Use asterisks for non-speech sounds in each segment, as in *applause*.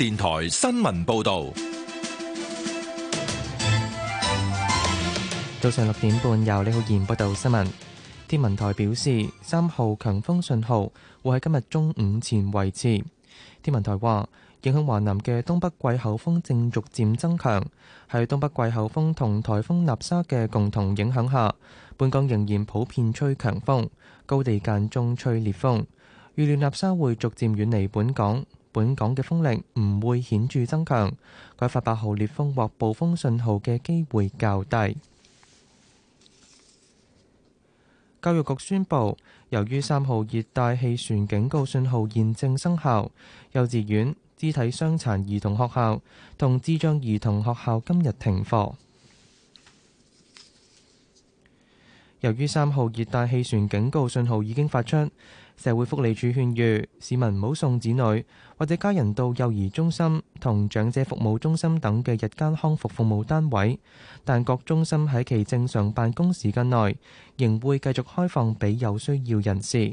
電台新聞報道，早上六點半由李浩然報道新聞。天文台表示，三號強風信號會喺今日中午前維持。天文台話，影響華南嘅東北季候風正逐漸增強，喺東北季候風同颱風納沙嘅共同影響下，本港仍然普遍吹強風，高地間中吹烈風。預料納沙會逐漸遠離本港。本港嘅風力唔會顯著增強，改發八號烈風或暴風信號嘅機會較低。教育局宣布，由於三號熱帶氣旋警告信號現正生效，幼稚園、肢體傷殘兒童學校同智障兒童學校今日停課。由於三號熱帶氣旋警告信號已經發出。社會福利署勸喻市民唔好送子女或者家人到幼兒中心、同長者服務中心等嘅日間康復服務單位，但各中心喺其正常辦公時間內仍會繼續開放俾有需要人士。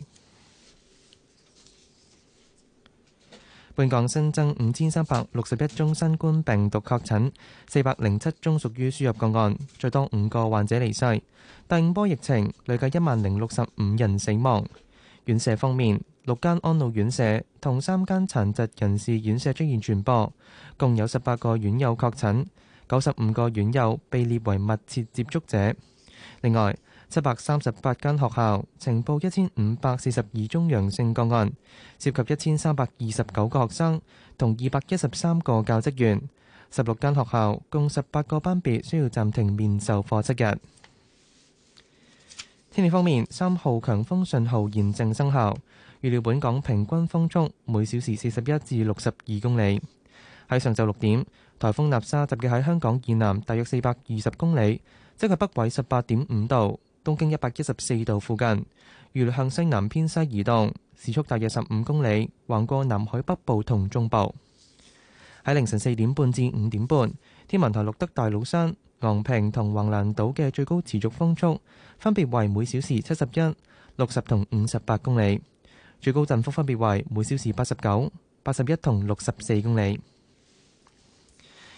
本港新增五千三百六十一宗新冠病毒確診，四百零七宗屬於輸入個案，最多五個患者離世。第五波疫情累計一萬零六十五人死亡。院舍方面，六間安老院舍同三間殘疾人士院舍出現傳播，共有十八個院友確診，九十五個院友被列為密切接觸者。另外，七百三十八間學校呈報一千五百四十二宗陽性個案，涉及一千三百二十九個學生同二百一十三個教職員，十六間學校共十八個班別需要暫停面授課七日。天氣方面，三號強風信號現正生效，預料本港平均風速每小時四十一至六十二公里。喺上晝六點，颱風納沙集結喺香港以南大約四百二十公里，即係北緯十八點五度、東經一百一十四度附近，預料向西南偏西移動，時速大約十五公里，橫過南海北部同中部。喺凌晨四點半至五點半，天文台錄得大老山。昂坪同橫瀾島嘅最高持續風速分別為每小時七十一、六十同五十八公里，最高陣風分別為每小時八十九、八十一同六十四公里。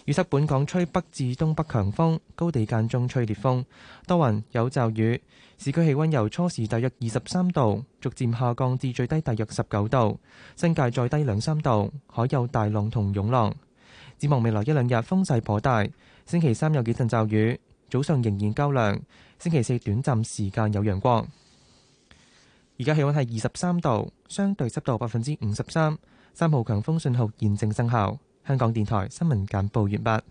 預測本港吹北至東北強風，高地間中吹烈風，多雲有驟雨。市區氣溫由初時大約二十三度，逐漸下降至最低大約十九度，新界再低兩三度。海有大浪同湧浪。展望未來一兩日風勢頗大。星期三有幾陣驟雨，早上仍然較涼。星期四短暫時間有陽光。而家氣温係二十三度，相對濕度百分之五十三。三號強風信號現正生效。香港電台新聞簡報完畢。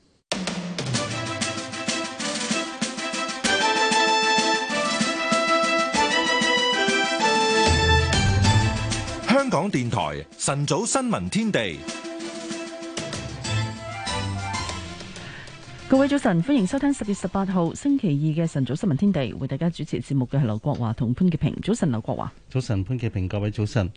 香港電台晨早新聞天地。各位早晨，歡迎收聽十月十八號星期二嘅晨早新聞天地，為大家主持節目嘅係劉國華同潘潔平。早晨，劉國華。早晨，潘潔平。各位早晨。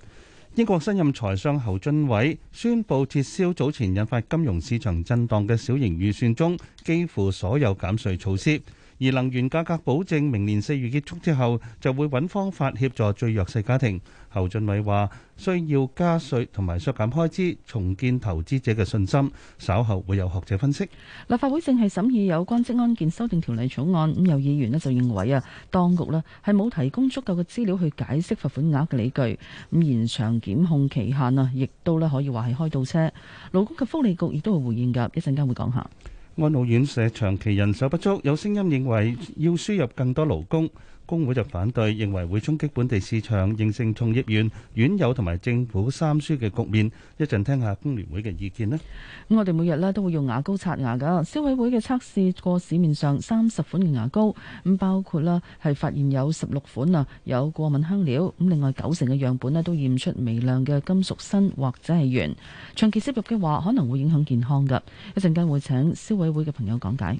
英國新任財相侯俊偉宣布撤銷早前引發金融市場震盪嘅小型預算中幾乎所有減稅措施。而能源價格保證明年四月結束之後，就會揾方法協助最弱勢家庭。侯俊偉話需要加稅同埋削減開支，重建投資者嘅信心。稍後會有學者分析。立法會正係審議有關職安健修訂條例草案，咁有議員咧就認為啊，當局咧係冇提供足夠嘅資料去解釋罰款額嘅理據。咁延長檢控期限啊，亦都咧可以話係開倒車。勞工及福利局亦都會回應㗎，一陣間會講下。安老院舍長期人手不足，有聲音認為要輸入更多勞工。工會就反對，認為會衝擊本地市場，形成從業員、院友同埋政府三輸嘅局面。一陣聽下工聯會嘅意見咧。咁、嗯、我哋每日咧都會用牙膏刷牙㗎。消委會嘅測試過市面上三十款嘅牙膏，咁、嗯、包括啦係發現有十六款啊有過敏香料，咁、嗯、另外九成嘅樣本咧都驗出微量嘅金屬砷或者係鉛。長期攝入嘅話，可能會影響健康㗎。一陣間會請消委會嘅朋友講解。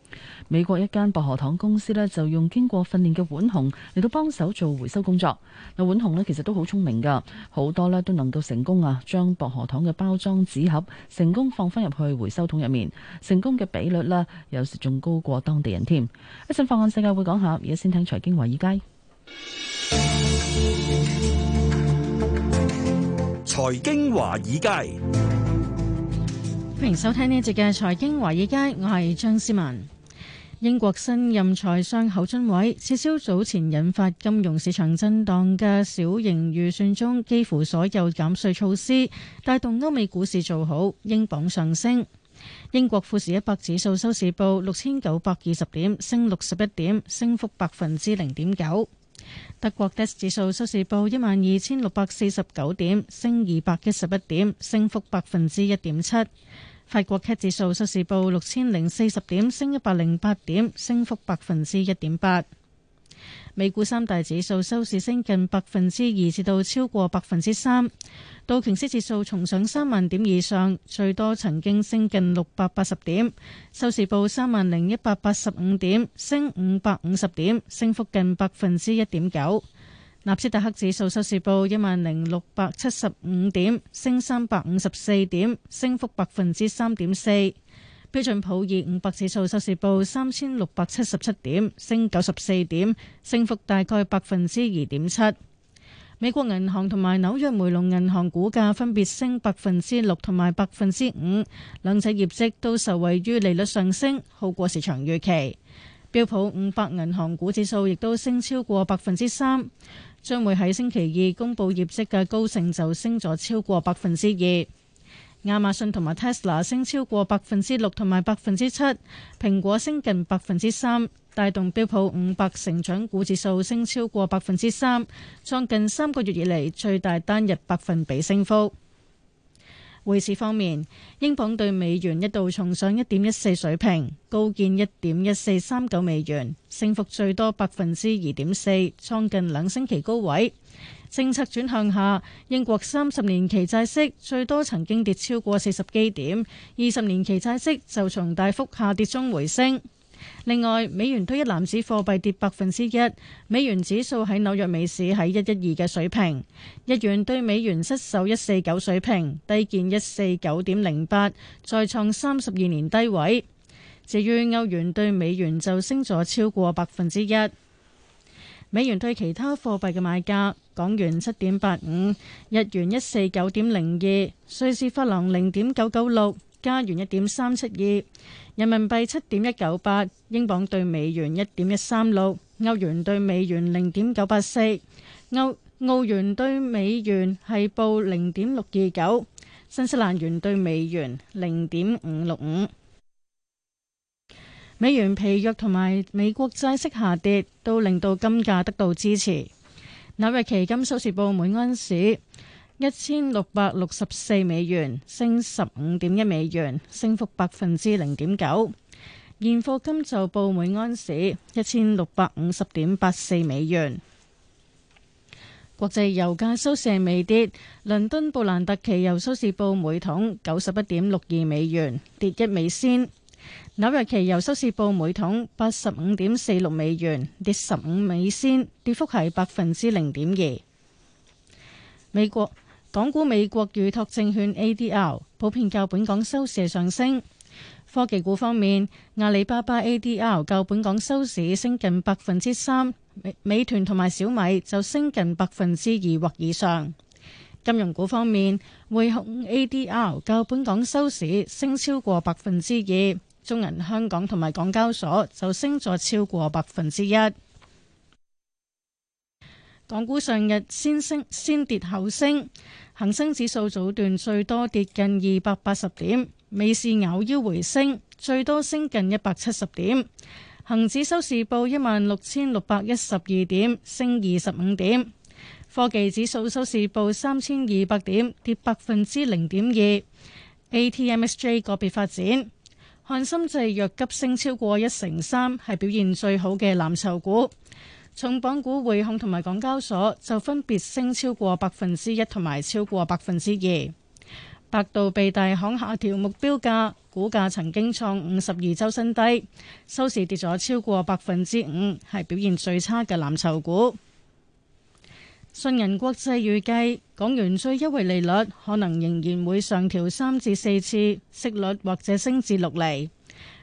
美國一間薄荷糖公司咧，就用經過訓練嘅浣熊嚟到幫手做回收工作。嗱，浣熊咧其實都好聰明噶，好多咧都能夠成功啊，將薄荷糖嘅包裝紙盒成功放翻入去回收桶入面。成功嘅比率咧，有時仲高過當地人添。一陣放眼世界會講下，而家先聽財經華爾街。財經華爾街，歡迎收聽呢一節嘅財經華爾街，我係張思文。英國新任財相侯俊偉撤銷早前引發金融市場震盪嘅小型預算中幾乎所有減稅措施，帶動歐美股市做好，英鎊上升。英國富時一百指數收市報六千九百二十點，升六十一點，升幅百分之零點九。德國 DAX 指數收市報一萬二千六百四十九點，升二百一十一點，升幅百分之一點七。法國 CAC 指數收市報六千零四十點，升一百零八點，升幅百分之一點八。美股三大指數收市升近百分之二，至到超過百分之三。道瓊斯指數重上三萬點以上，最多曾經升近六百八十點，收市報三萬零一百八十五點，升五百五十點，升幅近百分之一點九。納斯達克指數收市報一萬零六百七十五點，升三百五十四點，升幅百分之三點四。標準普爾五百指數收市報三千六百七十七點，升九十四點，升幅大概百分之二點七。美國銀行同埋紐約梅隆銀行股價分別升百分之六同埋百分之五，兩者業績都受惠於利率上升，好過市場預期。標普五百銀行股指數亦都升超過百分之三。將會喺星期二公布業績嘅高盛就升咗超過百分之二，亞馬遜同埋 Tesla 升超過百分之六同埋百分之七，蘋果升近百分之三，帶動標普五百成長股指數升超過百分之三，創近三個月以嚟最大單日百分比升幅。匯市方面，英鎊兌美元一度重上1.14水平，高見1.1439美元，升幅最多百分之二點四，創近兩星期高位。政策轉向下，英國三十年期債息最多曾經跌超過四十基點，二十年期債息就從大幅下跌中回升。另外，美元兌一籃子貨幣跌百分之一，美元指數喺紐約美市喺一一二嘅水平，日元對美元失守一四九水平，低見一四九點零八，再創三十二年低位。至於歐元對美元就升咗超過百分之一，美元對其他貨幣嘅賣價，港元七點八五，日元一四九點零二，瑞士法郎零點九九六。加元一點三七二，人民幣七點一九八，英鎊對美元一點一三六，歐元對美元零點九八四，澳澳元對美元係報零點六二九，新西蘭元對美元零點五六五。美元疲弱同埋美國債息下跌，都令到金價得到支持。紐約期金收市報每安士一千六百六十四美元，升十五點一美元，升幅百分之零點九。現貨金就報每安士一千六百五十點八四美元。國際油價收市微跌，倫敦布蘭特期油收市報每桶九十一點六二美元，跌一美仙。紐約期油收市報每桶八十五點四六美元，跌十五美仙，跌幅係百分之零點二。美國。港股美國預託證券 ADR 普遍較本港收市上升。科技股方面，阿里巴巴 ADR 較本港收市升近百分之三，美美團同埋小米就升近百分之二或以上。金融股方面，匯控 ADR 較本港收市升超過百分之二，中銀香港同埋港交所就升咗超過百分之一。港股上日先升先跌後升。恒生指數早段最多跌近二百八十點，尾市咬腰回升，最多升近一百七十點。恒指收市報一萬六千六百一十二點，升二十五點。科技指數收市報三千二百點，跌百分之零點二。ATM SJ 個別發展，翰森製藥急升超過一成三，係表現最好嘅藍籌股。重磅股匯控同埋港交所就分別升超過百分之一同埋超過百分之二。百度被大行下調目標價，股價曾經創五十二周新低，收市跌咗超過百分之五，係表現最差嘅藍籌股。信銀國際預計港元最優惠利率可能仍然會上調三至四次息率，或者升至六厘。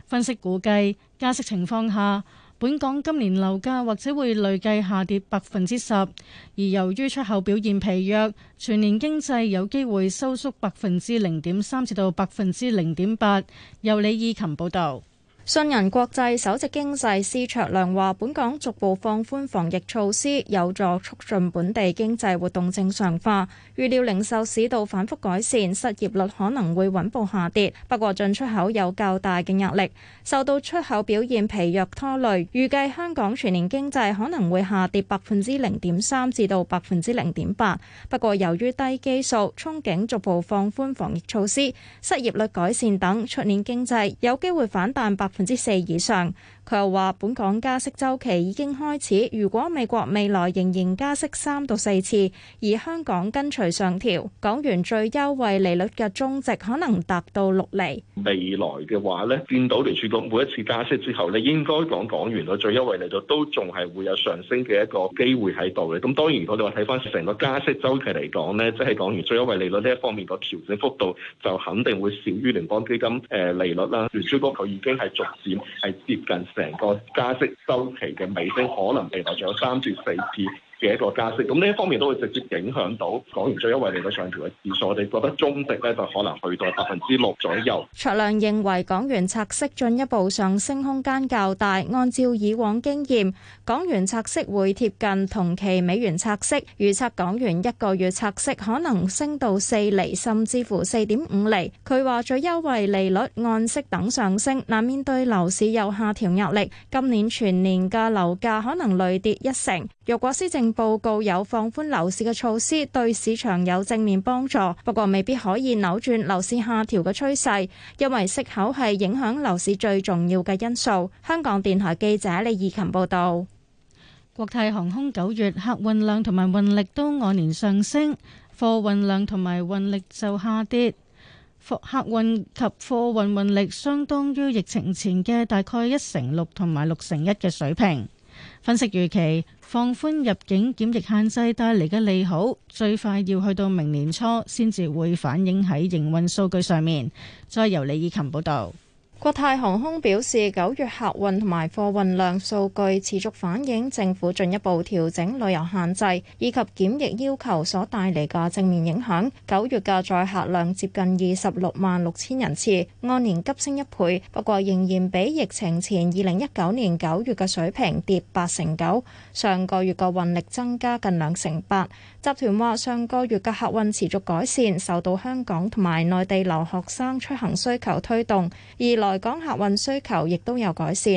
分析估計加息情況下，本港今年樓價或者會累計下跌百分之十，而由於出口表現疲弱，全年經濟有機會收縮百分之零點三至到百分之零點八。由李意琴報導。信銀國際首席經濟師卓亮話：本港逐步放寬防疫措施，有助促進本地經濟活動正常化，預料零售市道反覆改善，失業率可能會穩步下跌。不過進出口有較大嘅壓力，受到出口表現疲弱拖累。預計香港全年經濟可能會下跌百分之零點三至到百分之零點八。不過由於低基數、憧憬逐步放寬防疫措施、失業率改善等，出年經濟有機會反彈百分之四以上。佢又話：本港加息周期已經開始。如果美國未來仍然加息三到四次，而香港跟隨上調，港元最優惠利率嘅中值可能達到六厘。未來嘅話咧，見到聯儲局每一次加息之後咧，應該講港元嘅最優惠利率都仲係會有上升嘅一個機會喺度嘅。咁當然，如果你話睇翻成個加息周期嚟講咧，即係港元最優惠利率呢一方面個調整幅度就肯定會少於聯邦基金誒利率啦。聯儲局佢已經係逐漸係接近成個加息週期嘅尾聲，可能未來仲有三至四次嘅一個加息，咁呢一方面都會直接影響到港元最優惠利率上調嘅次數。我哋覺得中值咧就可能去到百分之六左右。卓亮認為港元拆息進一步上升空間較大，按照以往經驗，港元拆息會貼近同期美元拆息，預測港元一個月拆息可能升到四釐，甚至乎四點五釐。佢話最優惠利率按息等上升，難免對樓市有下調壓力，今年全年嘅樓價可能累跌一成。若果施政報告有放寬樓市嘅措施，對市場有正面幫助，不過未必可以扭轉樓市下調嘅趨勢，因為息口係影響樓市最重要嘅因素。香港電台記者李義琴報道：國泰航空九月客運量同埋運力都按年上升，貨運量同埋運力就下跌。客客運及貨運運力相當於疫情前嘅大概一成六同埋六成一嘅水平。分析預期放寬入境檢疫限制帶嚟嘅利好，最快要去到明年初先至會反映喺營運數據上面。再由李以琴報道。國泰航空表示，九月客運同埋貨運量數據持續反映政府進一步調整旅遊限制以及檢疫要求所帶嚟嘅正面影響。九月嘅載客量接近二十六萬六千人次，按年急升一倍，不過仍然比疫情前二零一九年九月嘅水平跌八成九。上個月嘅運力增加近兩成八。集團話：上個月嘅客運持續改善，受到香港同埋內地留學生出行需求推動，而來港客運需求亦都有改善。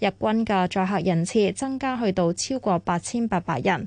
日均嘅載客人次增加去到超過八千八百人。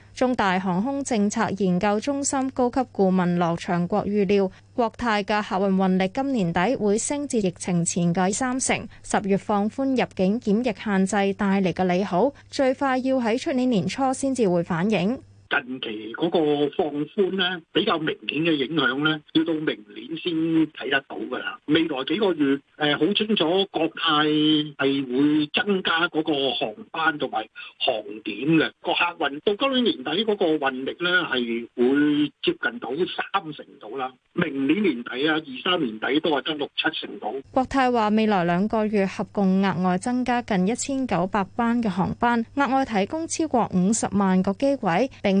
中大航空政策研究中心高級顧問羅祥國預料，國泰嘅客運運力今年底會升至疫情前嘅三成，十月放寬入境檢疫限制帶嚟嘅利好，最快要喺出年年初先至會反映。近期嗰個放寬咧比較明顯嘅影響咧，要到明年先睇得到㗎啦。未來幾個月誒，好、呃、清楚國泰係會增加嗰個航班同埋航點嘅。個客運到今年年底嗰個運力咧係會接近到三成度啦。明年年底啊，二三年底都係得六七成度。國泰話未來兩個月合共額外增加近一千九百班嘅航班，額外提供超過五十萬個機位，並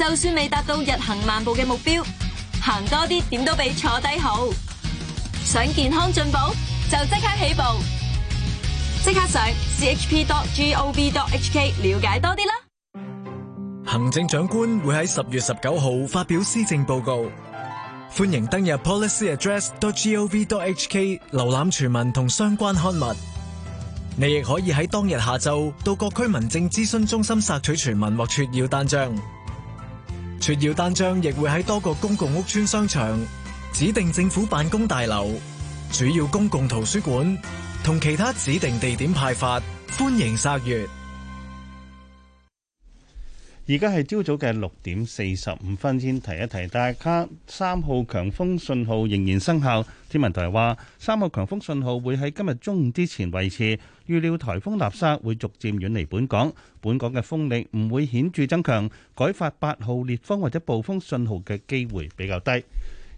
就算未達到日行萬步嘅目標，行多啲點都比坐低好。想健康進步，就即刻起步，即刻上 chp.gov.hk 了解多啲啦。行政長官會喺十月十九號發表施政報告，歡迎登入 policyaddress.gov.hk 瀏覽全文同相關刊物。你亦可以喺當日下晝到各區民政諮詢中心索取全文或摘要單張。撮要單張亦會喺多個公共屋邨、商場、指定政府辦公大樓、主要公共圖書館同其他指定地點派發，歡迎索閱。而家係朝早嘅六點四十五分，先提一提大家，三號強風信號仍然生效。天文台話，三號強風信號會喺今日中午之前維持。預料颱風納沙會逐漸遠離本港，本港嘅風力唔會顯著增強，改發八號烈風或者暴風信號嘅機會比較低。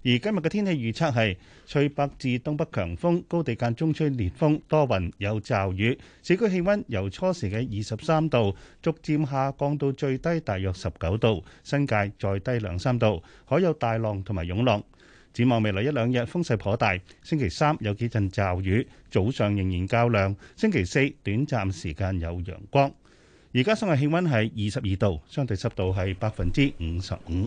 而今日嘅天氣預測係吹北至東北強風，高地間中吹烈風，多雲有驟雨。市區氣温由初時嘅二十三度逐漸下降到最低大約十九度，新界再低兩三度，海有大浪同埋湧浪。展望未來一兩日風勢頗大，星期三有幾陣驟雨，早上仍然較涼，星期四短暫時間有陽光。而家今日氣溫係二十二度，相對濕度係百分之五十五。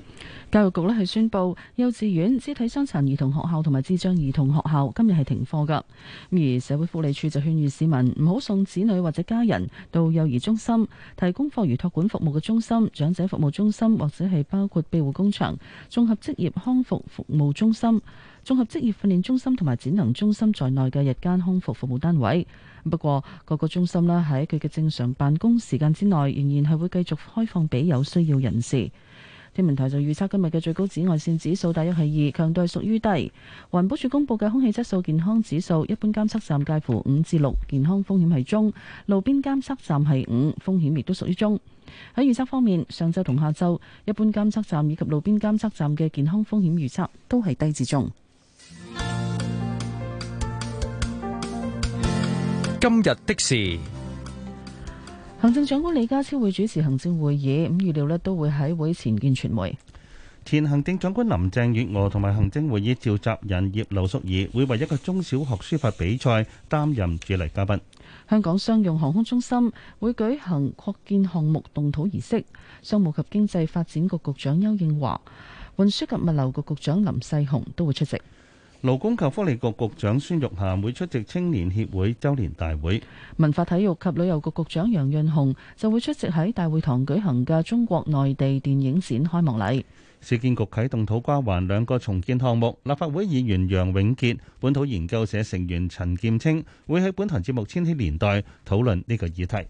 教育局呢，係宣布，幼稚園、肢體傷殘兒童學校同埋智障兒童學校今日係停課噶。而社會福利署就勸喻市民唔好送子女或者家人到幼兒中心、提供課餘託管服務嘅中心、長者服務中心或者係包括庇護工場綜合職業康復服，服務中心、綜合職業訓練中心同埋展能中心在內嘅日間康復服務單位。不過，各個中心咧喺佢嘅正常辦公時間之內，仍然係會繼續開放俾有需要人士。天文台就預測今日嘅最高紫外線指數大約係二，強度係屬於低。環保署公布嘅空氣質素健康指數，一般監測站介乎五至六，健康風險係中；路邊監測站係五，風險亦都屬於中。喺預測方面，上晝同下晝，一般監測站以及路邊監測站嘅健康風險預測都係低至中。今日的事，行政長官李家超會主持行政會議，咁預料呢都會喺會前見傳媒。前行政長官林鄭月娥同埋行政會議召集人葉劉淑儀會為一個中小學書法比賽擔任主禮嘉賓。香港商用航空中心會舉行擴建項目動土儀式，商務及經濟發展局局長邱應華、運輸及物流局局長林世雄都會出席。勞工及福利局局長孫玉菡會出席青年協會周年大會，文化體育及旅遊局局長楊潤雄就會出席喺大會堂舉行嘅中國內地電影展開幕禮。市建局啟動土瓜灣兩個重建項目，立法會議員楊永杰、本土研究社成員陳劍青會喺本台節目《千禧年代》討論呢個議題。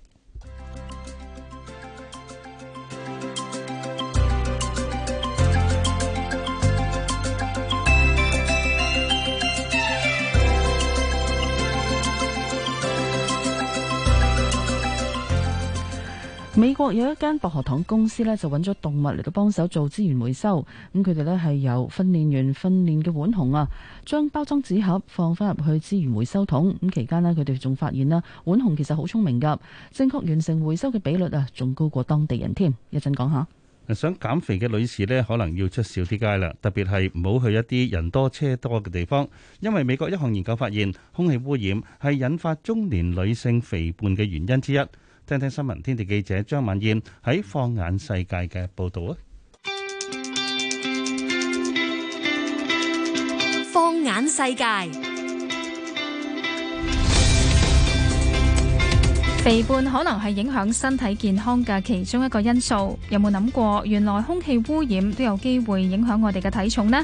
美國有一間薄荷糖公司呢，就揾咗動物嚟到幫手做資源回收。咁佢哋呢係由訓練員訓練嘅浣熊啊，將包裝紙盒放翻入去資源回收桶。咁期間呢，佢哋仲發現啦，浣熊其實好聰明噶，正確完成回收嘅比率啊，仲高過當地人添。講一陣講下。想減肥嘅女士呢，可能要出少啲街啦，特別係唔好去一啲人多車多嘅地方，因為美國一項研究發現，空氣污染係引發中年女性肥胖嘅原因之一。聽聽新聞天地記者張敏燕喺放眼世界嘅報道啊！放眼世界，世界肥胖可能係影響身體健康嘅其中一個因素。有冇諗過，原來空氣污染都有機會影響我哋嘅體重呢？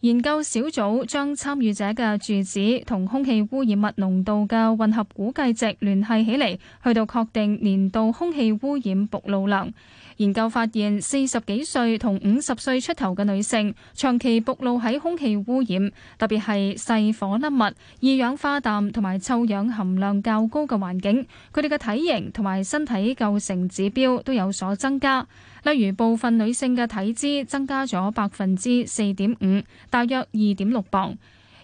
研究小組將參與者嘅住址同空氣污染物濃度嘅混合估計值聯繫起嚟，去到確定年度空氣污染暴露量。研究發現，四十幾歲同五十歲出頭嘅女性，長期暴露喺空氣污染，特別係細顆粒物、二氧化氮同埋臭氧含量較高嘅環境，佢哋嘅體型同埋身體構成指標都有所增加。例如，部分女性嘅體脂增加咗百分之四點五，大約二點六磅。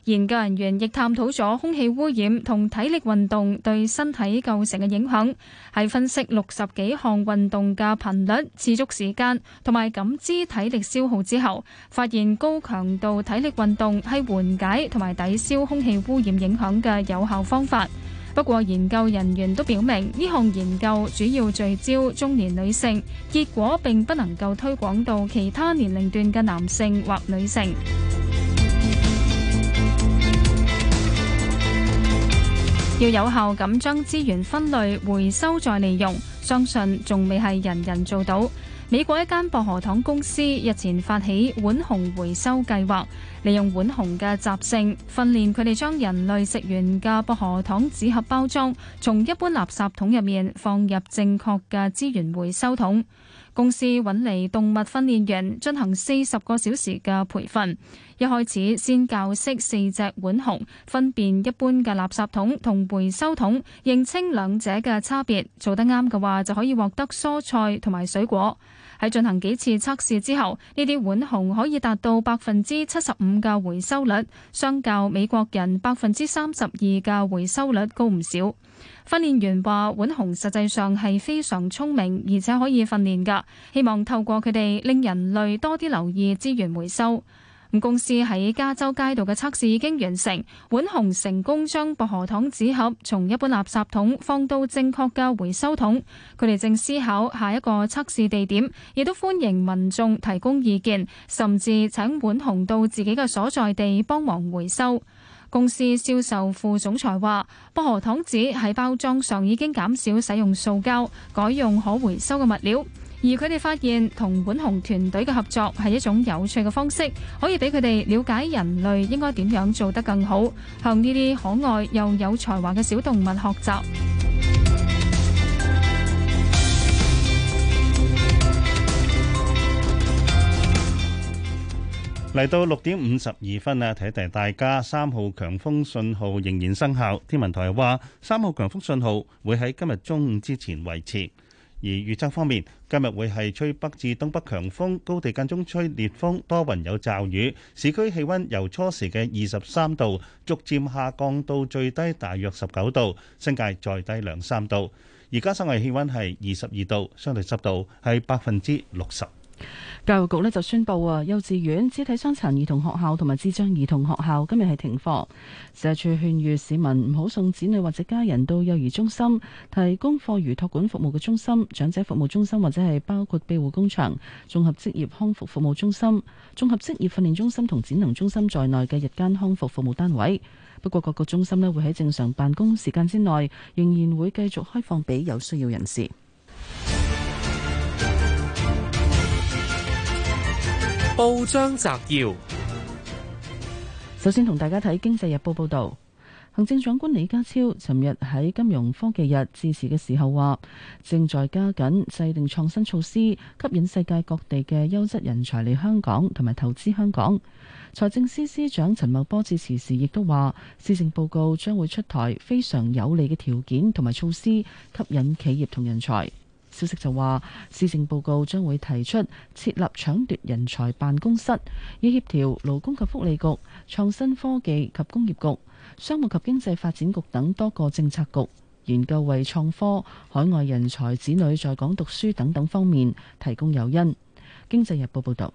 研究人員亦探討咗空氣污染同體力運動對身體構成嘅影響，喺分析六十幾項運動嘅頻率、持續時間同埋感知體力消耗之後，發現高強度體力運動係緩解同埋抵消空氣污染影響嘅有效方法。不過，研究人員都表明呢項研究主要聚焦中年女性，結果並不能夠推廣到其他年齡段嘅男性或女性。要有效咁將資源分類回收再利用，相信仲未係人人做到。美國一間薄荷糖公司日前發起浣熊回收計劃，利用浣熊嘅習性，訓練佢哋將人類食完嘅薄荷糖紙盒包裝，從一般垃圾桶入面放入正確嘅資源回收桶。公司揾嚟動物訓練員進行四十個小時嘅培訓，一開始先教識四隻浣熊分辨一般嘅垃圾桶同回收桶，認清兩者嘅差別。做得啱嘅話，就可以獲得蔬菜同埋水果。喺進行幾次測試之後，呢啲浣熊可以達到百分之七十五嘅回收率，相較美國人百分之三十二嘅回收率高唔少。訓練員話，浣熊實際上係非常聰明，而且可以訓練噶，希望透過佢哋令人類多啲留意資源回收。公司喺加州街道嘅測試已經完成，碗紅成功將薄荷糖紙盒從一般垃圾桶放到正確嘅回收桶。佢哋正思考下一個測試地點，亦都歡迎民眾提供意見，甚至請碗紅到自己嘅所在地幫忙回收。公司銷售副總裁話：薄荷糖紙喺包裝上已經減少使用塑膠，改用可回收嘅物料。而佢哋發現同本熊團隊嘅合作係一種有趣嘅方式，可以俾佢哋了解人類應該點樣做得更好，向呢啲可愛又有才華嘅小動物學習。嚟到六點五十二分啊，提一提大家，三號強風信號仍然生效。天文台話三號強風信號會喺今日中午之前維持。而預測方面，今日會係吹北至東北強風，高地間中吹烈風，多雲有驟雨。市區氣温由初時嘅二十三度，逐漸下降到最低大約十九度，新界再低兩三度。而家室外氣温係二十二度，相對濕度係百分之六十。教育局呢就宣布啊，幼稚園、肢體傷殘兒童學校同埋智障兒童學校今日係停課。社署勸喻市民唔好送子女或者家人到幼兒中心、提供課餘托管服務嘅中心、長者服務中心或者係包括庇護工場、綜合職業康復服務中心、綜合職業訓練中心同展能中心在內嘅日間康復服務單位。不過各個中心呢會喺正常辦公時間之內，仍然會繼續開放俾有需要人士。報章摘要：首先同大家睇《經濟日報》報道，行政長官李家超尋日喺金融科技日致辭嘅時候話，正在加緊制定創新措施，吸引世界各地嘅優質人才嚟香港同埋投資香港。財政司司長陳茂波致辭時亦都話，施政報告將會出台非常有利嘅條件同埋措施，吸引企業同人才。消息就話，施政報告將會提出設立搶奪人才辦公室，以協調勞工及福利局、創新科技及工業局、商務及經濟發展局等多個政策局，研究為創科海外人才子女在港讀書等等方面提供誘因。經濟日報報導。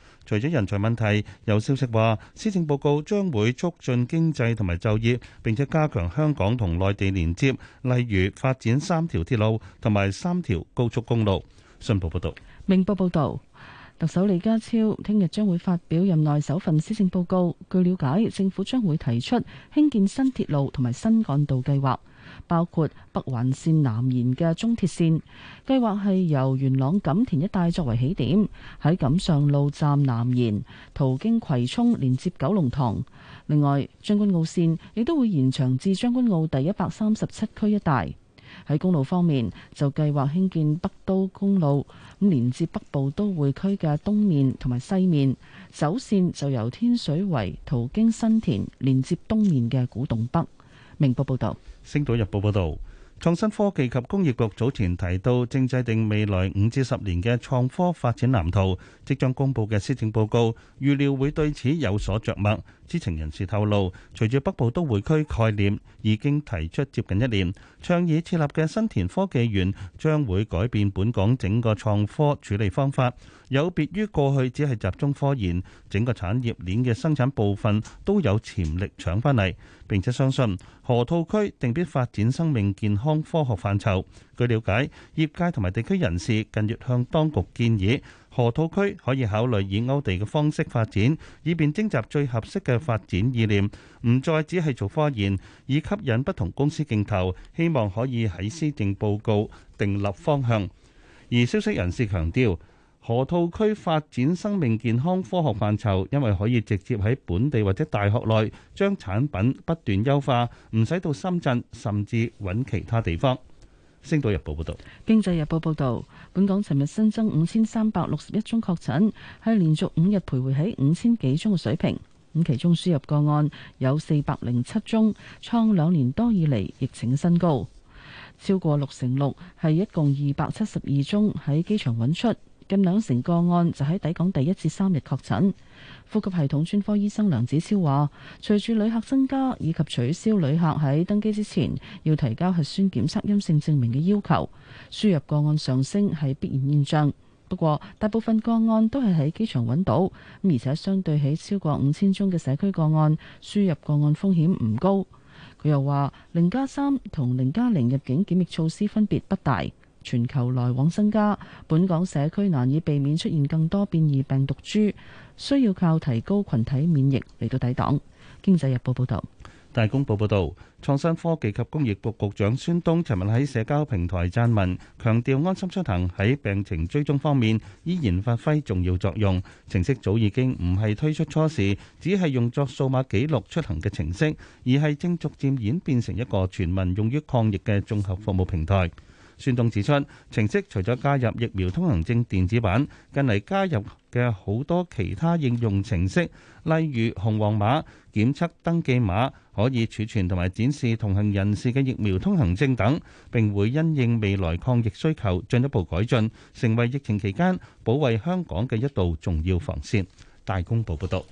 除咗人才問題，有消息話，施政報告將會促進經濟同埋就業，並且加強香港同內地連接，例如發展三條鐵路同埋三條高速公路。信報報道，明報報道。特首李家超聽日將會發表任內首份施政報告。據了解，政府將會提出興建新鐵路同埋新幹道計劃，包括北環線南延嘅中鐵線，計劃係由元朗錦田一帶作為起點，喺錦上路站南延，途經葵涌連接九龍塘。另外，將軍澳線亦都會延長至將軍澳第一百三十七區一帶。喺公路方面，就計劃興建北都公路，咁連接北部都會區嘅東面同埋西面。走線就由天水圍途經新田，連接東面嘅古洞北。明報報道。《星島日報》報道：創新科技及工業局早前提到，正制定未來五至十年嘅創科發展藍圖，即將公佈嘅施政報告，預料會對此有所著墨。知情人士透露，隨住北部都會區概念已經提出接近一年，倡議設立嘅新田科技園將會改變本港整個創科處理方法，有別於過去只係集中科研，整個產業鏈嘅生產部分都有潛力搶翻嚟。並且相信河套區定必發展生命健康科學範疇。據了解，業界同埋地區人士近月向當局建議。河套區可以考慮以歐地嘅方式發展，以便徵集最合適嘅發展意念，唔再只係做科研，以吸引不同公司競投，希望可以喺施政報告定立方向。而消息人士強調，河套區發展生命健康科學範疇，因為可以直接喺本地或者大學內將產品不斷優化，唔使到深圳，甚至揾其他地方。星島日報報道，經濟日報報道，本港尋日新增五千三百六十一宗確診，係連續五日徘徊喺五千幾宗嘅水平。咁其中輸入個案有四百零七宗，創兩年多以嚟疫情新高。超過六成六係一共二百七十二宗喺機場揾出，近兩成個案就喺抵港第一至三日確診。呼吸系統專科醫生梁子超話，隨住旅客增加以及取消旅客喺登機之前要提交核酸檢測陰性證明嘅要求，輸入個案上升係必然現象。不過，大部分個案都係喺機場揾到，而且相對起超過五千宗嘅社區個案，輸入個案風險唔高。佢又話：零加三同零加零入境檢疫措施分別不大。全球來往增加，本港社區難以避免出現更多變異病毒株。需要靠提高群體免疫嚟到抵擋。經濟日報報道，大公報報道，創新科技及工業局局長孫東尋日喺社交平台撰文，強調安心出行喺病情追蹤方面依然發揮重要作用。程式早已經唔係推出初時只係用作數碼記錄出行嘅程式，而係正逐漸演變成一個全民用於抗疫嘅綜合服務平台。孫東指出，程式除咗加入疫苗通行證電子版，近嚟加入嘅好多其他應用程式，例如紅黃碼檢測登記碼，可以儲存同埋展示同行人士嘅疫苗通行證等。並會因應未來抗疫需求進一步改進，成為疫情期間保衛香港嘅一道重要防線。大公報報道。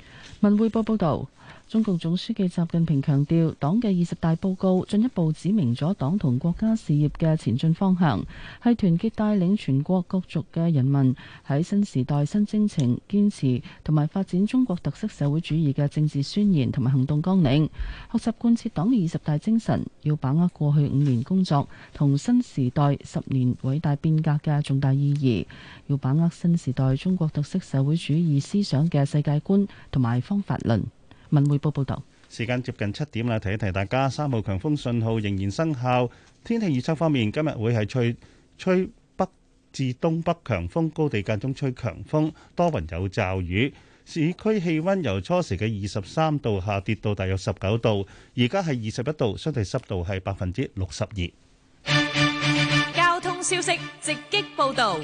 文匯報報導。中共總書記習近平強調，黨嘅二十大報告進一步指明咗黨同國家事業嘅前進方向，係團結帶領全國各族嘅人民喺新時代新征程堅持同埋發展中國特色社會主義嘅政治宣言同埋行動綱領。學習貫徹黨嘅二十大精神，要把握過去五年工作同新時代十年偉大變革嘅重大意義，要把握新時代中國特色社會主義思想嘅世界觀同埋方法論。文匯報報道，時間接近七點啦，提一提大家，三號強風信號仍然生效。天氣預測方面，今日會係吹吹北至東北強風，高地間中吹強風，多雲有驟雨。市區氣溫由初時嘅二十三度下跌到大約十九度，而家係二十一度，相對濕度係百分之六十二。交通消息直擊報道。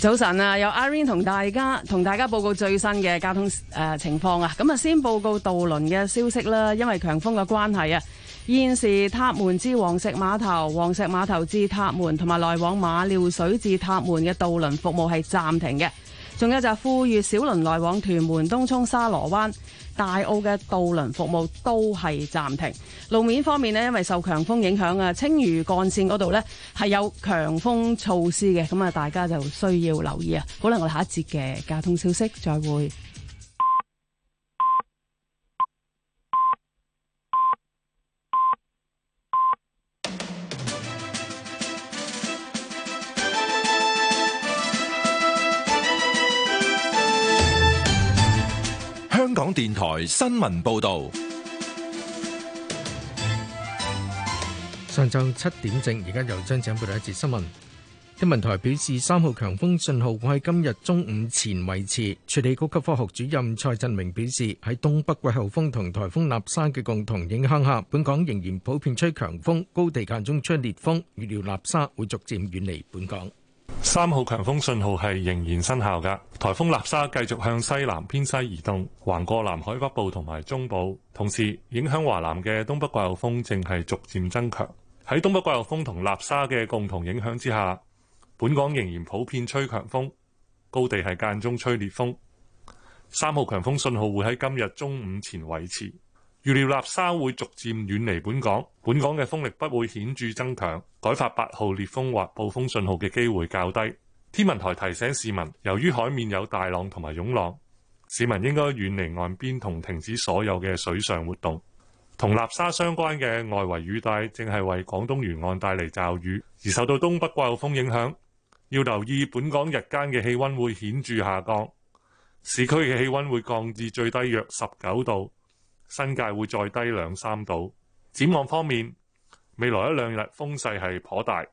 早晨啊，有阿 rain 同大家同大家報告最新嘅交通誒、呃、情況啊，咁啊，先報告渡輪嘅消息啦，因為強風嘅關係啊，現時塔門至黃石碼頭、黃石碼頭至塔門同埋來往馬料水至塔門嘅渡輪服務係暫停嘅，仲有就係富裕小輪來往屯門東涌沙螺灣。大澳嘅渡輪服務都係暫停。路面方面咧，因為受強風影響啊，青嶼幹線嗰度咧係有強風措施嘅，咁啊大家就需要留意啊。好啦，我哋下一節嘅交通消息再會。香港電台新聞報道，上晝七點正，而家又將轉播一節新聞。天文台表示，三號強風信號會喺今日中午前維持。助理高級科學主任蔡振明表示，喺東北季候風同台風納沙嘅共同影響下，本港仍然普遍吹強風，高地間中吹烈風。預料納沙會逐漸遠離本港。三號強風信號係仍然生效噶。颱風納沙繼續向西南偏西移動，橫過南海北部同埋中部，同時影響華南嘅東北季候風正係逐漸增強。喺東北季候風同納沙嘅共同影響之下，本港仍然普遍吹強風，高地係間中吹烈風。三號強風信號會喺今日中午前維持。預料納沙會逐漸遠離本港，本港嘅風力不會顯著增強，改發八號烈風或暴風信號嘅機會較低。天文台提醒市民，由於海面有大浪同埋湧浪，市民應該遠離岸邊同停止所有嘅水上活動。同納沙相關嘅外圍雨帶正係為廣東沿岸帶嚟驟雨，而受到東北季候風影響，要留意本港日間嘅氣溫會顯著下降，市區嘅氣溫會降至最低約十九度。新界會再低兩三度。展望方面，未來一兩日風勢係頗大，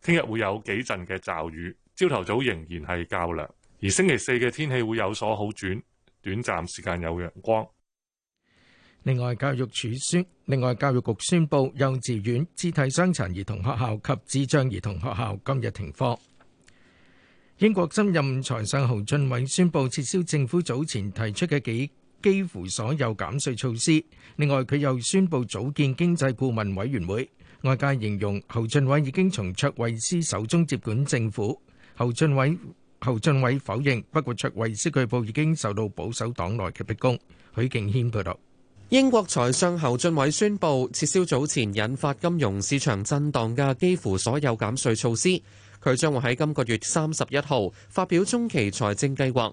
聽日會有幾陣嘅驟雨。朝頭早仍然係較涼，而星期四嘅天氣會有所好轉，短暫時間有陽光。另外，教育處宣另外教育局宣布，幼稚園肢體傷殘兒童學校及智障兒童學校今日停課。英國新任財相侯俊偉宣布撤銷政府早前提出嘅幾幾乎所有減稅措施。另外，佢又宣布組建經濟顧問委員會。外界形容侯俊偉已經從卓慧斯手中接管政府。侯俊偉侯俊偉否認，不過卓慧斯據報已經受到保守黨內嘅逼宮。許敬軒報道，英國財相侯俊偉宣布撤銷早前引發金融市場震盪嘅幾乎所有減稅措施。佢將會喺今個月三十一號發表中期財政計劃。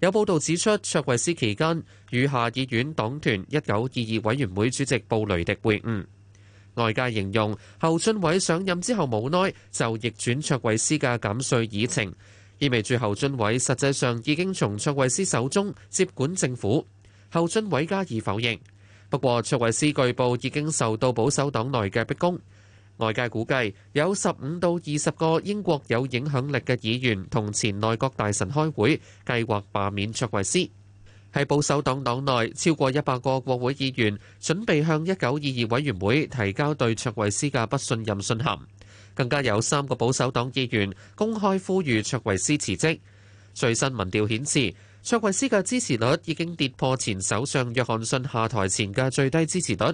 有報導指出，卓慧斯期間與下議院黨團一九二二委員會主席布雷迪會晤，外界形容侯俊偉上任之後冇耐就逆轉卓慧斯嘅減稅議程，意味住侯俊偉實際上已經從卓慧斯手中接管政府。侯俊偉加以否認，不過卓慧斯據報已經受到保守黨內嘅逼宮。外界估計有十五到二十個英國有影響力嘅議員同前內閣大臣開會，計劃罷免卓維斯。喺保守黨黨內超過一百個國會議員準備向一九二二委員會提交對卓維斯嘅不信任信函。更加有三個保守黨議員公開呼籲卓維斯辭職。最新民調顯示，卓維斯嘅支持率已經跌破前首相約翰遜下台前嘅最低支持率。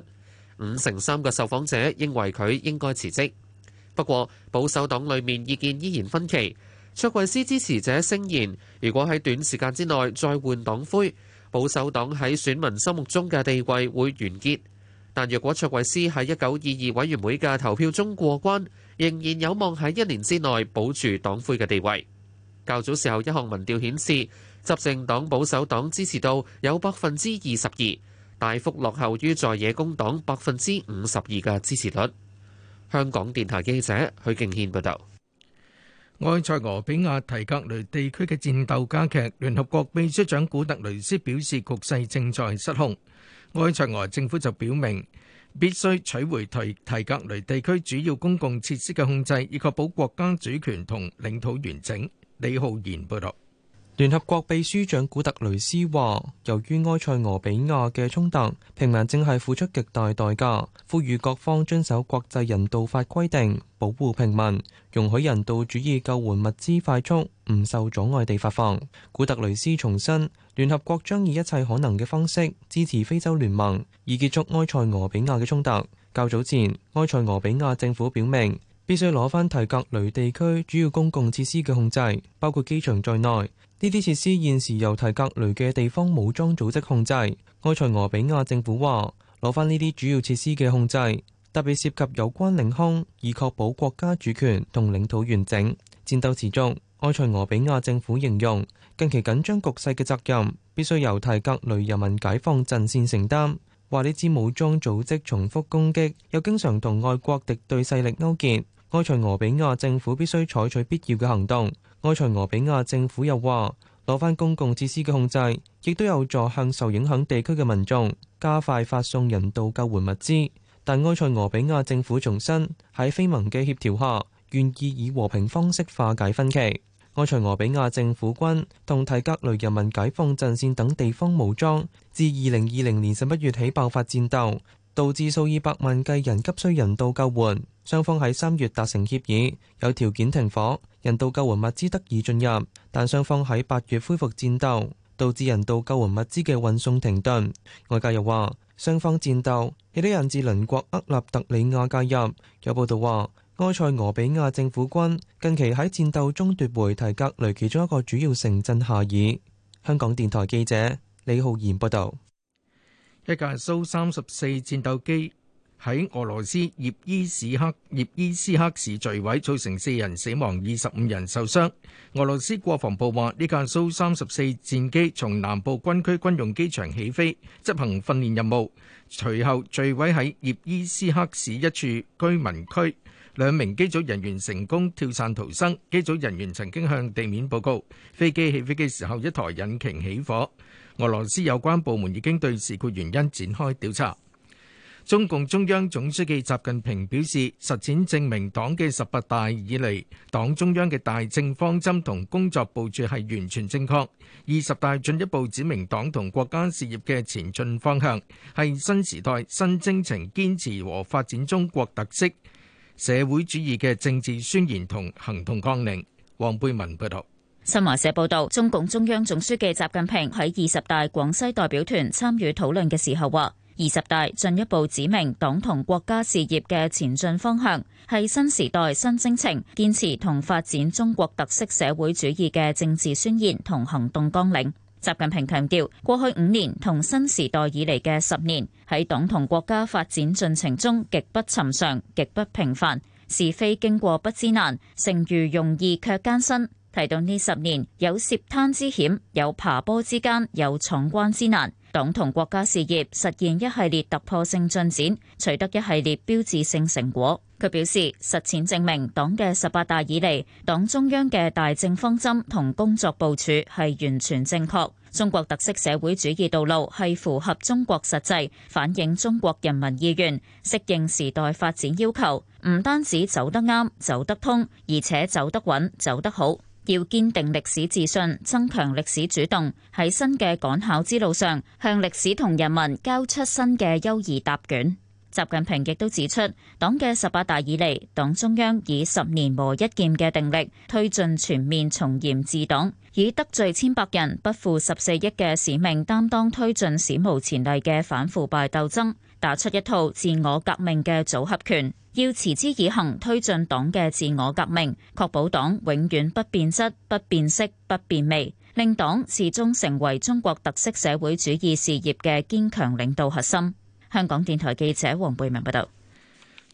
五成三嘅受訪者認為佢應該辭職。不過保守黨裡面意見依然分歧。卓慧思支持者聲言，如果喺短時間之內再換黨魁，保守黨喺選民心目中嘅地位會完結。但若果卓慧思喺一九二二委員會嘅投票中過關，仍然有望喺一年之內保住黨魁嘅地位。較早時候一項民調顯示，執政黨保守黨支持度有百分之二十二。大幅落後於在野工黨百分之五十二嘅支持率。香港電台記者許敬軒報導。埃塞俄比亞提格雷地區嘅戰鬥加劇，聯合國秘書長古特雷斯表示局勢正在失控。埃塞俄政府就表明必須取回提提格雷地區主要公共設施嘅控制，以確保國家主權同領土完整。李浩然報導。聯合國秘書長古特雷斯話，由於埃塞俄比亞嘅衝突，平民正係付出極大代價，呼籲各方遵守國際人道法規定，保護平民，容許人道主義救援物資快速、唔受阻礙地發放。古特雷斯重申，聯合國將以一切可能嘅方式支持非洲聯盟，以結束埃塞俄比亞嘅衝突。較早前，埃塞俄比亞政府表明必須攞返提格雷地區主要公共設施嘅控制，包括機場在內。呢啲設施現時由提格雷嘅地方武裝組織控制。埃塞俄比亞政府話攞返呢啲主要設施嘅控制，特別涉及有關領空，以確保國家主權同領土完整。戰鬥持續，埃塞俄比亞政府形容近期緊張局勢嘅責任必須由提格雷人民解放陣線承擔。話呢支武裝組織重複攻擊，又經常同外國敵對勢力勾結，埃塞俄比亞政府必須採取必要嘅行動。埃塞俄比亞政府又話攞返公共設施嘅控制，亦都有助向受影響地區嘅民眾加快發送人道救援物資。但埃塞俄比亞政府重申喺非盟嘅協調下，願意以和平方式化解分歧。埃塞俄比亞政府軍同提格雷人民解放陣線等地方武裝，自二零二零年十一月起爆發戰鬥。導致數以百萬計人急需人道救援。雙方喺三月達成協議，有條件停火，人道救援物資得以進入。但雙方喺八月恢復戰鬥，導致人道救援物資嘅運送停頓。外界又話，雙方戰鬥亦都引致鄰國厄立特里亞介入。有報道話，埃塞俄比亞政府軍近期喺戰鬥中奪回提格雷其中一個主要城鎮夏爾。香港電台記者李浩然報道。一架蘇三十四戰鬥機喺俄羅斯葉伊斯克葉伊斯克市墜毀，造成四人死亡、二十五人受傷。俄羅斯國防部話，呢架蘇三十四戰機從南部軍區軍用機場起飛，執行訓練任務，隨後墜毀喺葉伊斯克市一處居民區。兩名機組人員成功跳傘逃生。機組人員曾經向地面報告，飛機起飛嘅時候一台引擎起火。俄羅斯有關部門已經對事故原因展開調查。中共中央總書記習近平表示，實踐證明黨嘅十八大以嚟，黨中央嘅大政方針同工作部署係完全正確。二十大進一步指明黨同國家事業嘅前進方向係新時代新征程，堅持和發展中國特色。社會主義嘅政治宣言同行動綱領。黃貝文報道。新華社報道，中共中央總書記習近平喺二十大廣西代表團參與討論嘅時候話，二十大進一步指明黨同國家事業嘅前進方向，係新時代新征程，堅持同發展中國特色社會主義嘅政治宣言同行動綱領。習近平強調，過去五年同新時代以嚟嘅十年，喺黨同國家發展進程中極不尋常、極不平凡。事非經過不知難，成如容易卻艱辛。提到呢十年，有涉灘之險，有爬坡之艱，有闖關之難，黨同國家事業實現一系列突破性進展，取得一系列標誌性成果。佢表示，實踐證明黨嘅十八大以嚟，黨中央嘅大政方針同工作部署係完全正確，中國特色社會主義道路係符合中國實際反映中國人民意願適應時代發展要求，唔單止走得啱、走得通，而且走得穩走得好。要堅定歷史自信，增強歷史主動，喺新嘅趕考之路上，向歷史同人民交出新嘅優異答卷。.習近平亦都指出，黨嘅十八大以嚟，黨中央以十年磨一劍嘅定力推進全面從嚴治黨，以得罪千百人、不負十四億嘅使命擔當，推進史無前例嘅反腐敗鬥爭，打出一套自我革命嘅組合拳，要持之以恆推進黨嘅自我革命，確保黨永遠不變質、不變色、不變味，令黨始終成為中國特色社會主義事業嘅堅強領導核心。香港電臺記者黃貝文報道，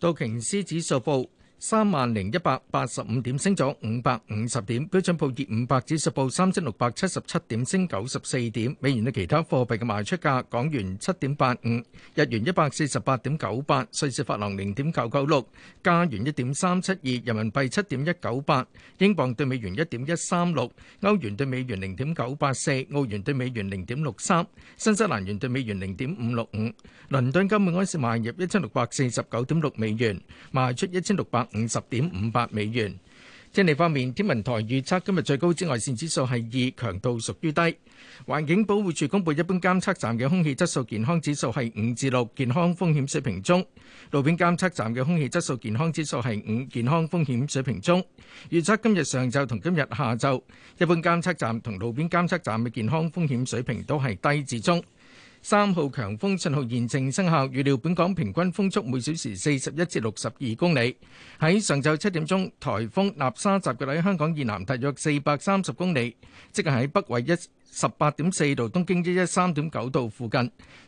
道瓊斯指數報三萬零一百八十五點升咗五百五十點，標準普爾五百指數報三千六百七十七點，升九十四點。美元嘅其他貨幣嘅賣出價：港元七點八五，日元一百四十八點九八，瑞士法郎零點九九六，加元一點三七二，人民幣七點一九八，英鎊對美元一點一三六，歐元對美元零點九八四，澳元對美元零點六三，新西蘭元對美元零點五六五。倫敦金每安士賣入一千六百四十九點六美元，賣出一千六百五十點五八美元。天氣方面，天文台預測今日最高紫外線指數係二，強度屬於低。環境保護署公布一般監測站嘅空氣質素健康指數係五至六，健康風險水平中。路邊監測站嘅空氣質素健康指數係五，健康風險水平中。預測今日上晝同今日下晝，一般監測站同路邊監測站嘅健康風險水平都係低至中。三號強風信號現正生效，預料本港平均風速每小時四十一至六十二公里。喺上晝七點鐘，颱風納沙集結喺香港以南大約四百三十公里，即係喺北緯一十八點四度、東經一一三點九度附近。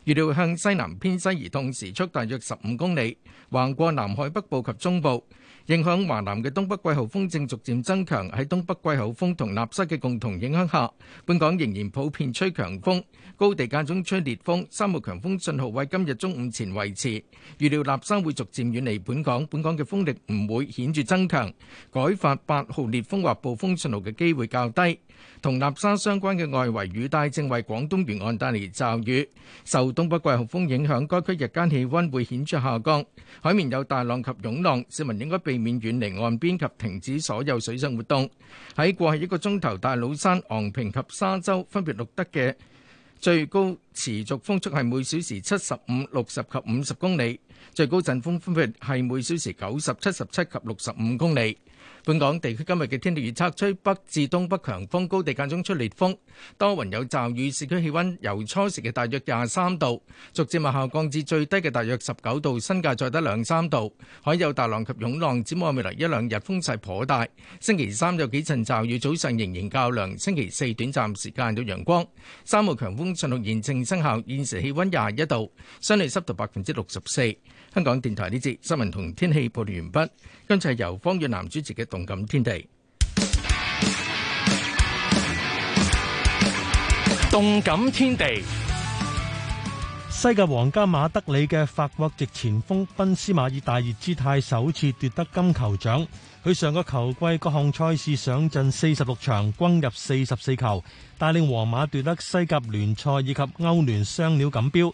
預料向西南偏西移動，時速大約十五公里，橫過南海北部及中部。影響華南嘅東北季候風正逐漸增強，喺東北季候風同納沙嘅共同影響下，本港仍然普遍吹強風，高地間中吹烈風，三號強風信號為今日中午前維持。預料納沙會逐漸遠離本港，本港嘅風力唔會顯著增強，改發八號烈風或暴風信號嘅機會較低。同納沙相關嘅外圍雨帶正為廣東沿岸帶嚟驟雨，受東北季候風影響，該區日間氣温會顯著下降，海面有大浪及湧浪，市民應該避。免遠離岸邊及停止所有水上活動。喺過去一個鐘頭，大老山、昂坪及沙洲分別錄得嘅最高持續風速係每小時七十五、六十及五十公里，最高陣風分別係每小時九十、七十七及六十五公里。本港地區今日嘅天氣預測，吹北至東北強風，高地間中出烈風，多雲有驟雨。市區氣溫由初時嘅大約廿三度，逐漸晚下降至最低嘅大約十九度，新界再低兩三度。海有大浪及湧浪，展望未來一兩日風勢頗大。星期三有幾陣驟雨，早上仍然較涼，星期四短暫時間有陽光。三號強風信號現正生效，現時氣溫廿一度，濕度百分之六十四。香港電台呢節新聞同天氣報道完畢，今次係由方遠男主持嘅。動感天地，動感天地。西甲皇家馬德里嘅法國籍前鋒賓斯馬爾大熱姿態，首次奪得金球獎。佢上個球季各項賽事上陣四十六場，轟入四十四球，帶領皇馬奪得西甲聯賽以及歐聯雙料錦標。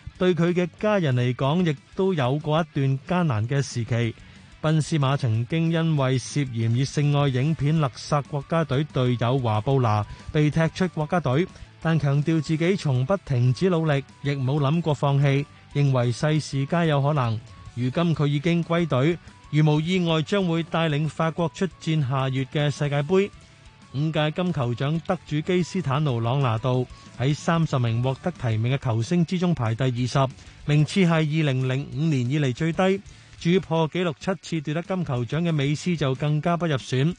對佢嘅家人嚟講，亦都有過一段艱難嘅時期。賓斯馬曾經因為涉嫌以性愛影片勒殺國家隊隊友華布拿，被踢出國家隊，但強調自己從不停止努力，亦冇諗過放棄，認為世事皆有可能。如今佢已經歸隊，如無意外將會帶領法國出戰下月嘅世界盃。五屆金球獎得主基斯坦奴朗拿度。喺三十名獲得提名嘅球星之中排第二十，名次係二零零五年以嚟最低，主破紀錄七次奪得金球獎嘅美斯就更加不入選。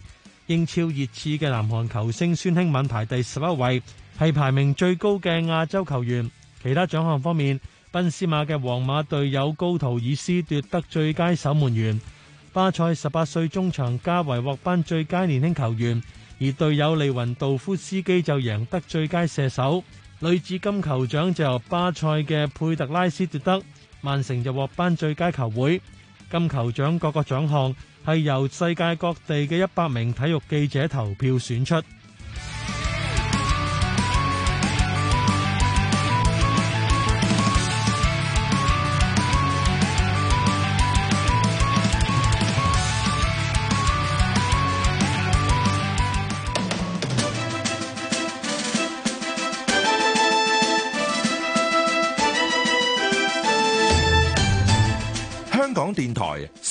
英超熱刺嘅南韓球星孫興敏排第十一位，係排名最高嘅亞洲球員。其他獎項方面，賓斯馬嘅皇馬隊友高圖爾斯奪得最佳守門員，巴塞十八歲中場加維獲頒最佳年輕球員。而隊友利雲道夫斯基就贏得最佳射手，女子金球獎就由巴塞嘅佩特拉斯奪得。曼城就獲頒最佳球會金球獎，各個獎項係由世界各地嘅一百名體育記者投票選出。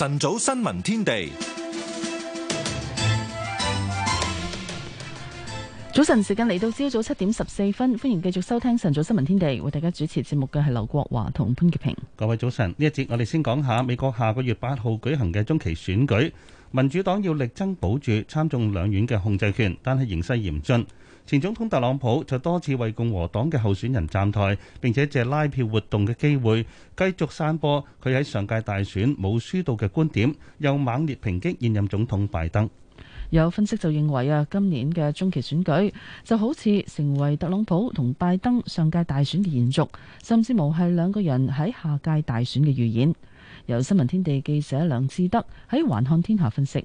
晨早新聞天地，早晨時間嚟到朝早七點十四分，歡迎繼續收聽晨早新聞天地，為大家主持節目嘅係劉國華同潘潔平。各位早晨，呢一節我哋先講下美國下個月八號舉行嘅中期選舉，民主黨要力爭保住參眾兩院嘅控制權，但係形勢嚴峻。前總統特朗普就多次為共和黨嘅候選人站台，並且借拉票活動嘅機會繼續散播佢喺上屆大選冇輸到嘅觀點，又猛烈抨擊現任總統拜登。有分析就認為啊，今年嘅中期選舉就好似成為特朗普同拜登上屆大選嘅延續，甚至乎係兩個人喺下屆大選嘅預演。由新聞天地記者梁志德喺橫看天下分析。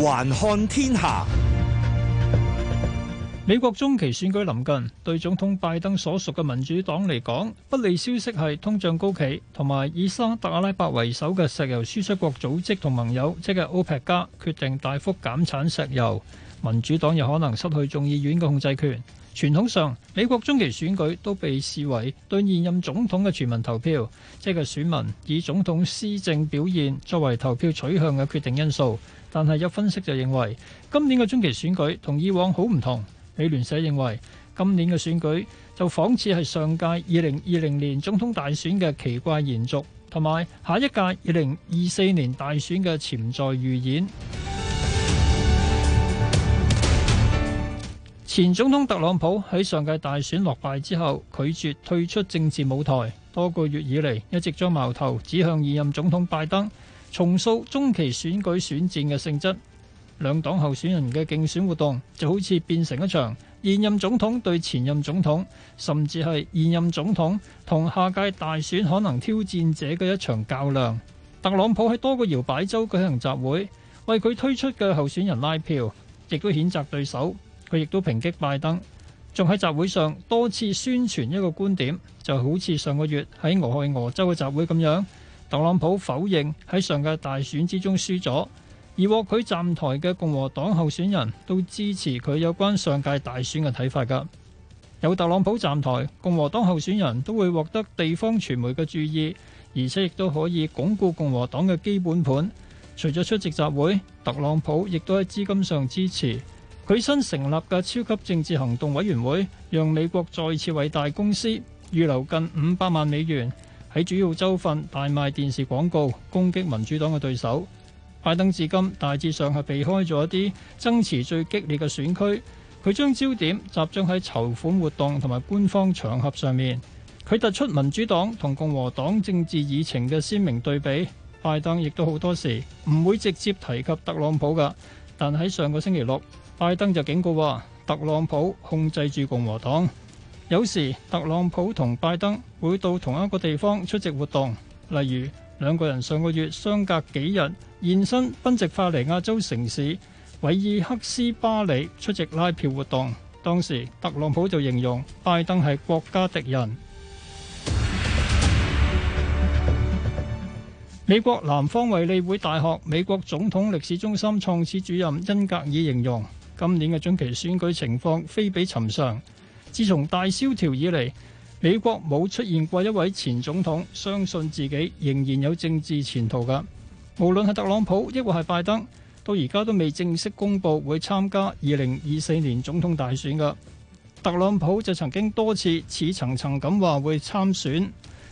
環看天下，美國中期選舉臨近，對總統拜登所屬嘅民主黨嚟講，不利消息係通脹高企，同埋以沙特阿拉伯為首嘅石油輸出國組織同盟友，即係 OPEC 加決定大幅減產石油。民主黨有可能失去眾議院嘅控制權。傳統上，美國中期選舉都被視為對現任總統嘅全民投票，即係選民以總統施政表現作為投票取向嘅決定因素。但係有分析就認為，今年嘅中期選舉同以往好唔同。美聯社認為，今年嘅選舉就仿似係上屆二零二零年總統大選嘅奇怪延續，同埋下一屆二零二四年大選嘅潛在預演。 *music* 前總統特朗普喺上屆大選落敗之後，拒絕退出政治舞台，多個月以嚟一直將矛頭指向現任總統拜登。重塑中期選舉選戰嘅性質，兩黨候選人嘅競選活動就好似變成一場現任總統對前任總統，甚至係現任總統同下屆大選可能挑戰者嘅一場較量。特朗普喺多個搖擺州舉行集會，為佢推出嘅候選人拉票，亦都譴責對手，佢亦都抨擊拜登，仲喺集會上多次宣傳一個觀點，就好似上個月喺俄亥俄州嘅集會咁樣。特朗普否認喺上屆大選之中輸咗，而獲佢站台嘅共和黨候選人都支持佢有關上屆大選嘅睇法㗎。有特朗普站台，共和黨候選人都會獲得地方傳媒嘅注意，而且亦都可以鞏固共和黨嘅基本盤。除咗出席集會，特朗普亦都喺資金上支持佢新成立嘅超級政治行動委員會，讓美國再次為大公司預留近五百萬美元。喺主要州份大賣電視廣告，攻擊民主黨嘅對手。拜登至今大致上係避開咗一啲爭持最激烈嘅選區，佢將焦點集中喺籌款活動同埋官方場合上面。佢突出民主黨同共和黨政治議程嘅鮮明對比。拜登亦都好多時唔會直接提及特朗普㗎，但喺上個星期六，拜登就警告話特朗普控制住共和黨。有時特朗普同拜登會到同一個地方出席活動，例如兩個人上個月相隔幾日現身賓夕法尼亞州城市韋爾克斯巴里出席拉票活動，當時特朗普就形容拜登係國家敵人。美國南方衛理會大學美國總統歷史中心創始主任恩格爾形容今年嘅中期選舉情況非比尋常。自從大蕭條以嚟，美國冇出現過一位前總統相信自己仍然有政治前途嘅。無論係特朗普，亦或係拜登，到而家都未正式公布會參加二零二四年總統大選嘅。特朗普就曾經多次似層層咁話會參選。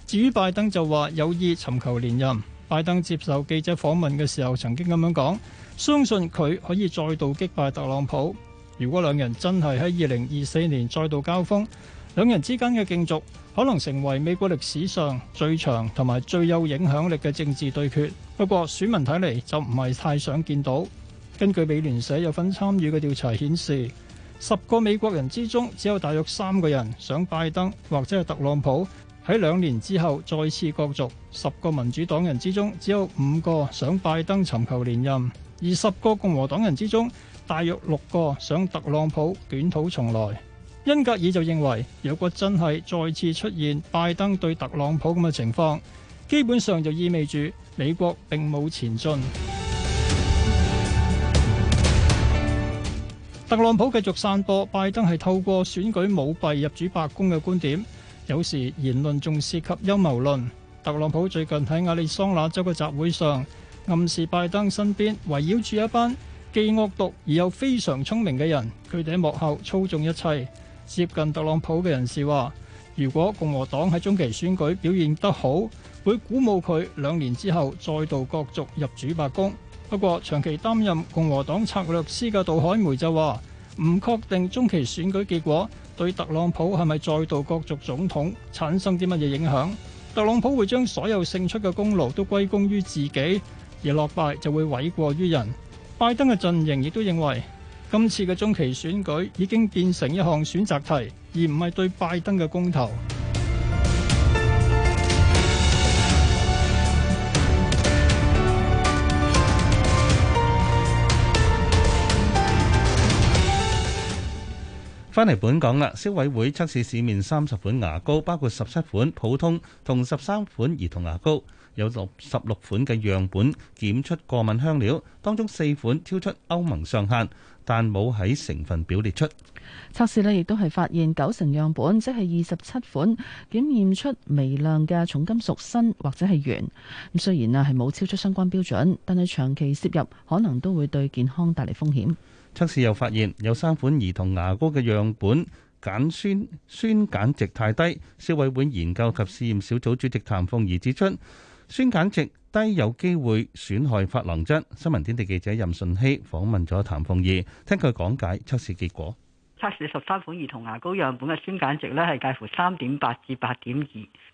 至於拜登就話有意尋求連任。拜登接受記者訪問嘅時候曾經咁樣講：相信佢可以再度擊敗特朗普。如果兩人真係喺二零二四年再度交鋒，兩人之間嘅競逐可能成為美國歷史上最長同埋最有影響力嘅政治對決。不過選民睇嚟就唔係太想見到。根據美聯社有份參與嘅調查顯示，十個美國人之中只有大約三個人想拜登或者係特朗普喺兩年之後再次角逐。十個民主黨人之中只有五個想拜登尋求連任，而十個共和黨人之中。大約六個想特朗普捲土重來，恩格爾就認為，如果真係再次出現拜登對特朗普咁嘅情況，基本上就意味住美國並冇前進。 *music* 特朗普繼續散播拜登係透過選舉舞弊入主白宮嘅觀點，有時言論仲涉及陰謀論。特朗普最近喺亞利桑那州嘅集會上，暗示拜登身邊圍繞住一班既惡毒而又非常聰明嘅人，佢哋喺幕後操縱一切。接近特朗普嘅人士話，如果共和黨喺中期選舉表現得好，會鼓舞佢兩年之後再度角逐入主白宮。不過，長期擔任共和黨策略師嘅杜海梅就話，唔確定中期選舉結果對特朗普係咪再度角逐總統產生啲乜嘢影響。特朗普會將所有勝出嘅功勞都歸功於自己，而落敗就會諉過於人。拜登嘅陣營亦都認為，今次嘅中期選舉已經變成一項選擇題，而唔係對拜登嘅公投。返嚟本港啦，消委會測試市面三十款牙膏，包括十七款普通同十三款兒童牙膏。有六十六款嘅樣本檢出過敏香料，當中四款超出歐盟上限，但冇喺成分表列出。測試呢亦都係發現九成樣本，即係二十七款，檢驗出微量嘅重金屬砷或者係鉛。咁雖然啊係冇超出相關標準，但係長期攝入可能都會對健康帶嚟風險。測試又發現有三款兒童牙膏嘅樣本，鹼酸酸鹼值太低。消委會研究及試驗小組主席譚鳳儀指出。酸鹼值低有機會損害珐琅質。新聞天地記者任順熙訪問咗譚鳳儀，聽佢講解測試結果。測試十三款兒童牙膏樣本嘅酸鹼值咧，係介乎三點八至八點二，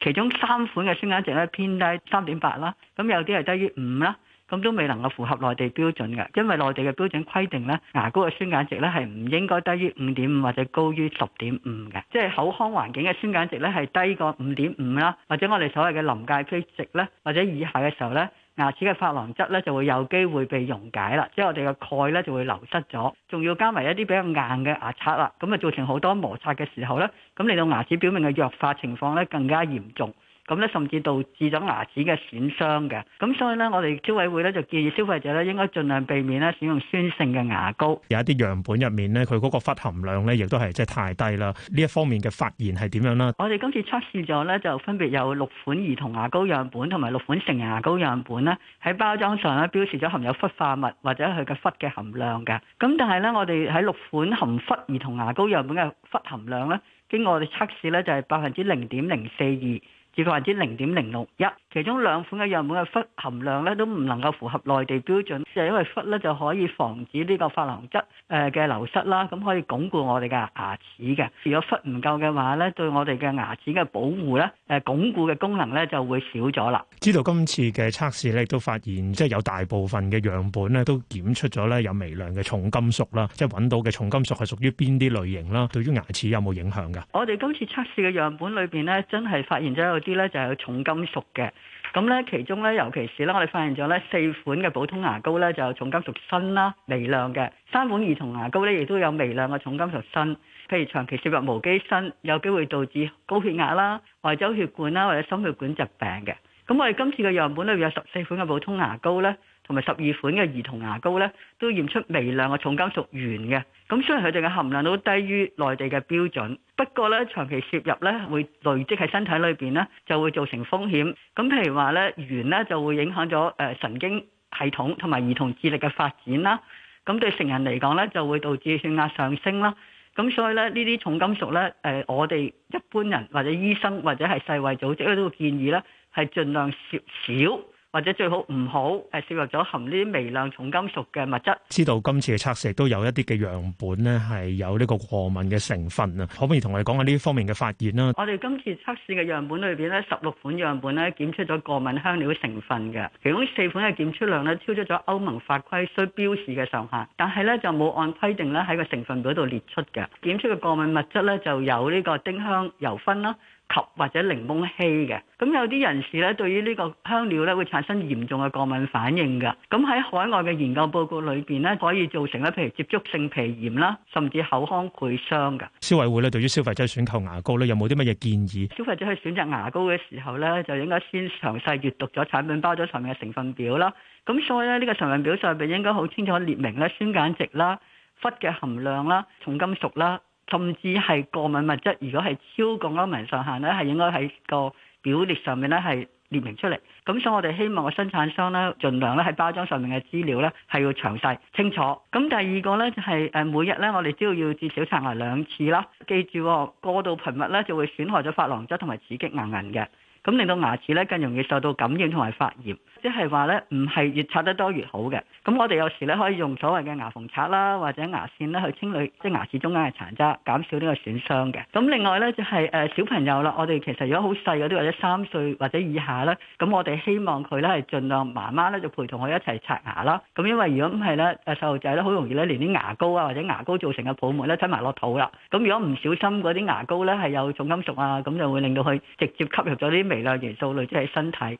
其中三款嘅酸鹼值咧偏低三點八啦，咁有啲係低於五啦。咁都未能夠符合內地標準嘅，因為內地嘅標準規定咧，牙膏嘅酸鹼值咧係唔應該低於五點五或者高於十點五嘅，即係口腔環境嘅酸鹼值咧係低過五點五啦，或者我哋所謂嘅臨界 pH 值咧或者以下嘅時候咧，牙齒嘅琺瑯質咧就會有機會被溶解啦，即係我哋嘅鈣咧就會流失咗，仲要加埋一啲比較硬嘅牙刷啦，咁啊造成好多摩擦嘅時候咧，咁嚟到牙齒表面嘅弱化情況咧更加嚴重。咁咧，甚至導致咗牙齒嘅損傷嘅。咁所以咧，我哋消委會咧就建議消費者咧應該盡量避免咧使用酸性嘅牙膏。有一啲樣本入面咧，佢嗰個氟含量咧，亦都係即係太低啦。呢一方面嘅發現係點樣啦？我哋今次測試咗咧，就分別有六款兒童牙膏樣本同埋六款成人牙膏樣本啦。喺包裝上咧，標示咗含有氟化物或者佢嘅氟嘅含量嘅。咁但係咧，我哋喺六款含氟兒童牙膏樣本嘅氟含量咧，經過我哋測試咧，就係百分之零點零四二。至百分之零點零六一。其中兩款嘅樣本嘅氟含量咧都唔能夠符合內地標準，就係因為氟咧就可以防止呢個琺瑯質誒嘅流失啦，咁可以鞏固我哋嘅牙齒嘅。如果氟唔夠嘅話咧，對我哋嘅牙齒嘅保護咧誒鞏固嘅功能咧就會少咗啦。知道今次嘅測試咧亦都發現，即係有大部分嘅樣本咧都檢出咗咧有微量嘅重金屬啦，即係揾到嘅重金屬係屬於邊啲類型啦？對於牙齒有冇影響㗎？我哋今次測試嘅樣本裏邊咧，真係發現咗有啲咧就係有重金屬嘅。咁咧，其中咧，尤其是咧，我哋發現咗咧四款嘅普通牙膏咧，就有重金屬砷啦，微量嘅三款兒童牙膏咧，亦都有微量嘅重金屬砷。譬如長期攝入無機砷，有機會導致高血壓啦、外周血管啦或者心血管疾病嘅。咁我哋今次嘅樣本裏面有十四款嘅普通牙膏咧，同埋十二款嘅兒童牙膏咧，都驗出微量嘅重金屬鉛嘅。咁雖然佢哋嘅含量都低於內地嘅標準，不過咧長期攝入咧會累積喺身體裏邊咧，就會造成風險。咁譬如話咧鉛咧就會影響咗誒神經系統同埋兒童智力嘅發展啦。咁對成人嚟講咧就會導致血壓上升啦。咁所以咧呢啲重金屬咧誒，我哋一般人或者醫生或者係世衛組織咧都會建議咧係儘量攝少。少或者最好唔好誒攝入咗含呢啲微量重金屬嘅物質。知道今次嘅測試都有一啲嘅樣本咧係有呢個過敏嘅成分啊，可唔可以同我哋講下呢方面嘅發現啦？我哋今次測試嘅樣本裏邊咧，十六款樣本咧檢出咗過敏香料成分嘅，其中四款嘅檢出量咧超出咗歐盟法規需標示嘅上限，但係呢就冇按規定咧喺個成分表度列出嘅。檢出嘅過敏物質咧就有呢個丁香油酚啦。及或者檸檬烯嘅，咁有啲人士咧，對於呢個香料咧，會產生嚴重嘅過敏反應㗎。咁喺海外嘅研究報告裏邊咧，可以造成咧，譬如接觸性皮炎啦，甚至口腔潰傷㗎。消委會咧，對於消費者選購牙膏咧，有冇啲乜嘢建議？消費者去選擇牙膏嘅時候咧，就應該先詳細閱讀咗產品包裝上面嘅成分表啦。咁所以咧，呢個成分表上面應該好清楚列明咧，酸鹼值啦、氟嘅含量啦、重金屬啦。甚至係過敏物質，如果係超過歐盟上限咧，係應該喺個表列上面咧係列明出嚟。咁所以我哋希望個生產商咧，儘量咧喺包裝上面嘅資料咧係要詳細清楚。咁第二個咧就係、是、誒每日咧我哋都要至少擦牙兩次啦。記住、哦、過度頻密咧就會損害咗琺瑯質同埋刺激牙齦嘅。咁令到牙齒咧更容易受到感染同埋發炎，即係話咧唔係越刷得多越好嘅。咁我哋有時咧可以用所謂嘅牙縫刷啦，或者牙線咧去清理，即係牙齒中間嘅殘渣，減少呢個損傷嘅。咁另外咧就係誒小朋友啦，我哋其實如果好細嗰啲或者三歲或者以下咧，咁我哋希望佢咧係儘量媽媽咧就陪同佢一齊刷牙啦。咁因為如果唔係咧，誒細路仔咧好容易咧連啲牙膏啊或者牙膏做成嘅泡沫咧吞埋落肚啦。咁如果唔小心嗰啲牙膏咧係有重金屬啊，咁就會令到佢直接吸入咗啲。嚟啦！耶穌，類似係身體。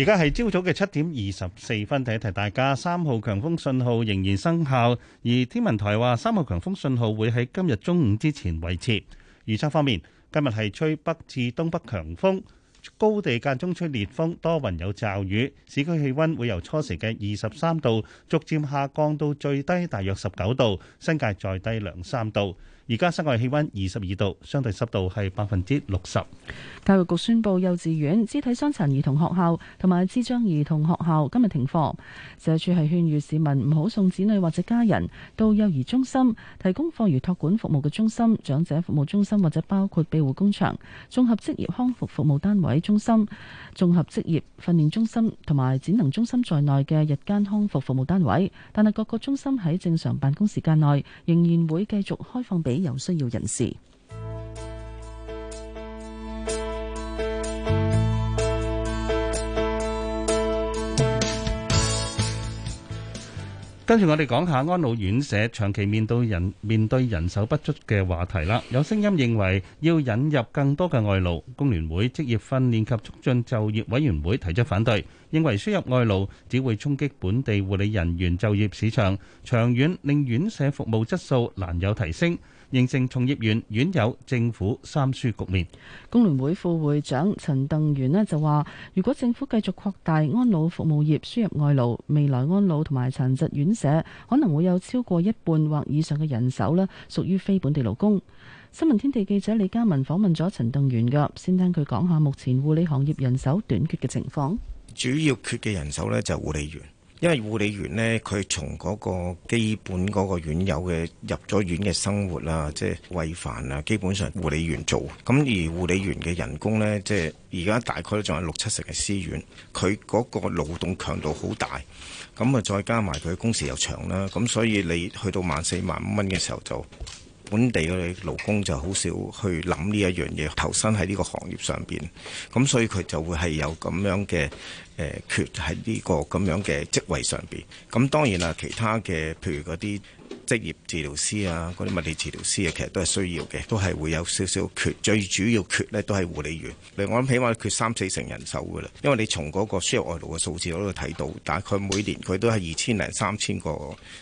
而家係朝早嘅七點二十四分，提一提大家，三號強風信號仍然生效。而天文台話，三號強風信號會喺今日中午之前維持。預測方面，今日係吹北至東北強風。高地間中吹烈風，多雲有驟雨，市區氣温會由初時嘅二十三度，逐漸下降到最低大約十九度，新界再低兩三度。而家室外氣溫二十二度，相對濕度係百分之六十。教育局宣佈幼稚園肢體傷殘兒童學校同埋智障兒童學校今日停課，社署係勸喻市民唔好送子女或者家人到幼兒中心、提供課餘託管服務嘅中心、長者服務中心或者包括庇護工場綜合職業康復服，服，服務單位中心、綜合職業訓練中心同埋展能中心在內嘅日間康復服，服務單位，但係各個中心喺正常辦公時間內仍然會繼續開放俾。有需要人士。跟住，我哋講下安老院舍長期面對人面對人手不足嘅話題啦。有聲音認為要引入更多嘅外勞，工聯會職業訓練及促進就業委員會提出反對，認為輸入外勞只會衝擊本地護理人員就業市場，長遠令院舍服務質素難有提升。形成從業員、院友、政府三輸局面。工聯會副會長陳鄧元咧就話，如果政府繼續擴大安老服務業輸入外勞，未來安老同埋殘疾院舍可能會有超過一半或以上嘅人手咧，屬於非本地勞工。新聞天地記者李嘉文訪問咗陳鄧元嘅，先聽佢講下目前護理行業人手短缺嘅情況。主要缺嘅人手咧就係護理員。因為護理員呢，佢從嗰個基本嗰個院友嘅入咗院嘅生活啊，即係餵飯啊，基本上護理員做。咁而護理員嘅人工呢，即係而家大概都仲有六七成嘅私院，佢嗰個勞動強度好大。咁啊，再加埋佢工時又長啦。咁所以你去到萬四萬五蚊嘅時候就。本地嘅勞工就好少去諗呢一樣嘢，投身喺呢個行業上邊，咁所以佢就會係有咁樣嘅誒、呃、缺喺呢、這個咁樣嘅職位上邊。咁當然啦，其他嘅譬如嗰啲。職業治療師啊，嗰啲物理治療師啊，其實都係需要嘅，都係會有少少缺。最主要缺呢，都係護理員，嚟我諗起碼缺三四成人手㗎啦。因為你從嗰個輸入外勞嘅數字嗰度睇到，大概每年佢都係二千零三千個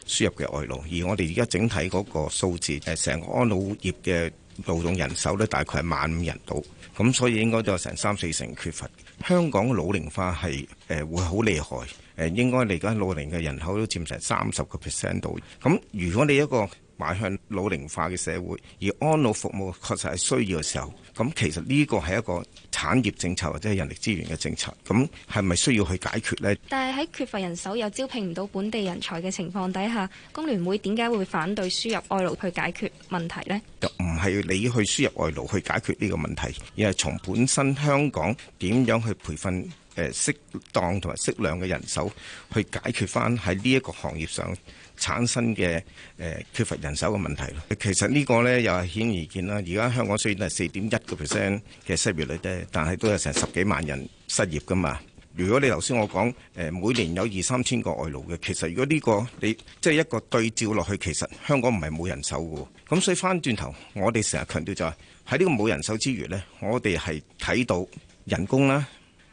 輸入嘅外勞，而我哋而家整體嗰個數字，誒成個安老業嘅勞動人手呢，大概係萬五人度，咁所以應該都有成三四成缺乏。香港老齡化係誒會好厲害。誒應該嚟緊老齡嘅人口都佔成三十個 percent 度，咁如果你一個邁向老年化嘅社會，而安老服務確實係需要嘅時候，咁其實呢個係一個產業政策或者係人力資源嘅政策，咁係咪需要去解決呢？但係喺缺乏人手又招聘唔到本地人才嘅情況底下，工聯會點解會反對輸入外勞去解決問題呢？就唔係你去輸入外勞去解決呢個問題，而係從本身香港點樣去培訓。誒適當同埋適量嘅人手，去解決翻喺呢一個行業上產生嘅、呃、缺乏人手嘅問題咯。其實呢個呢，又係顯而易見啦。而家香港雖然係四點一個 percent 嘅失業率啫，但係都有成十幾萬人失業噶嘛。如果你頭先我講誒、呃、每年有二三千個外勞嘅，其實如果呢、這個你即係、就是、一個對照落去，其實香港唔係冇人手嘅喎。咁所以翻轉頭，我哋成日強調就係喺呢個冇人手之餘呢，我哋係睇到人工啦。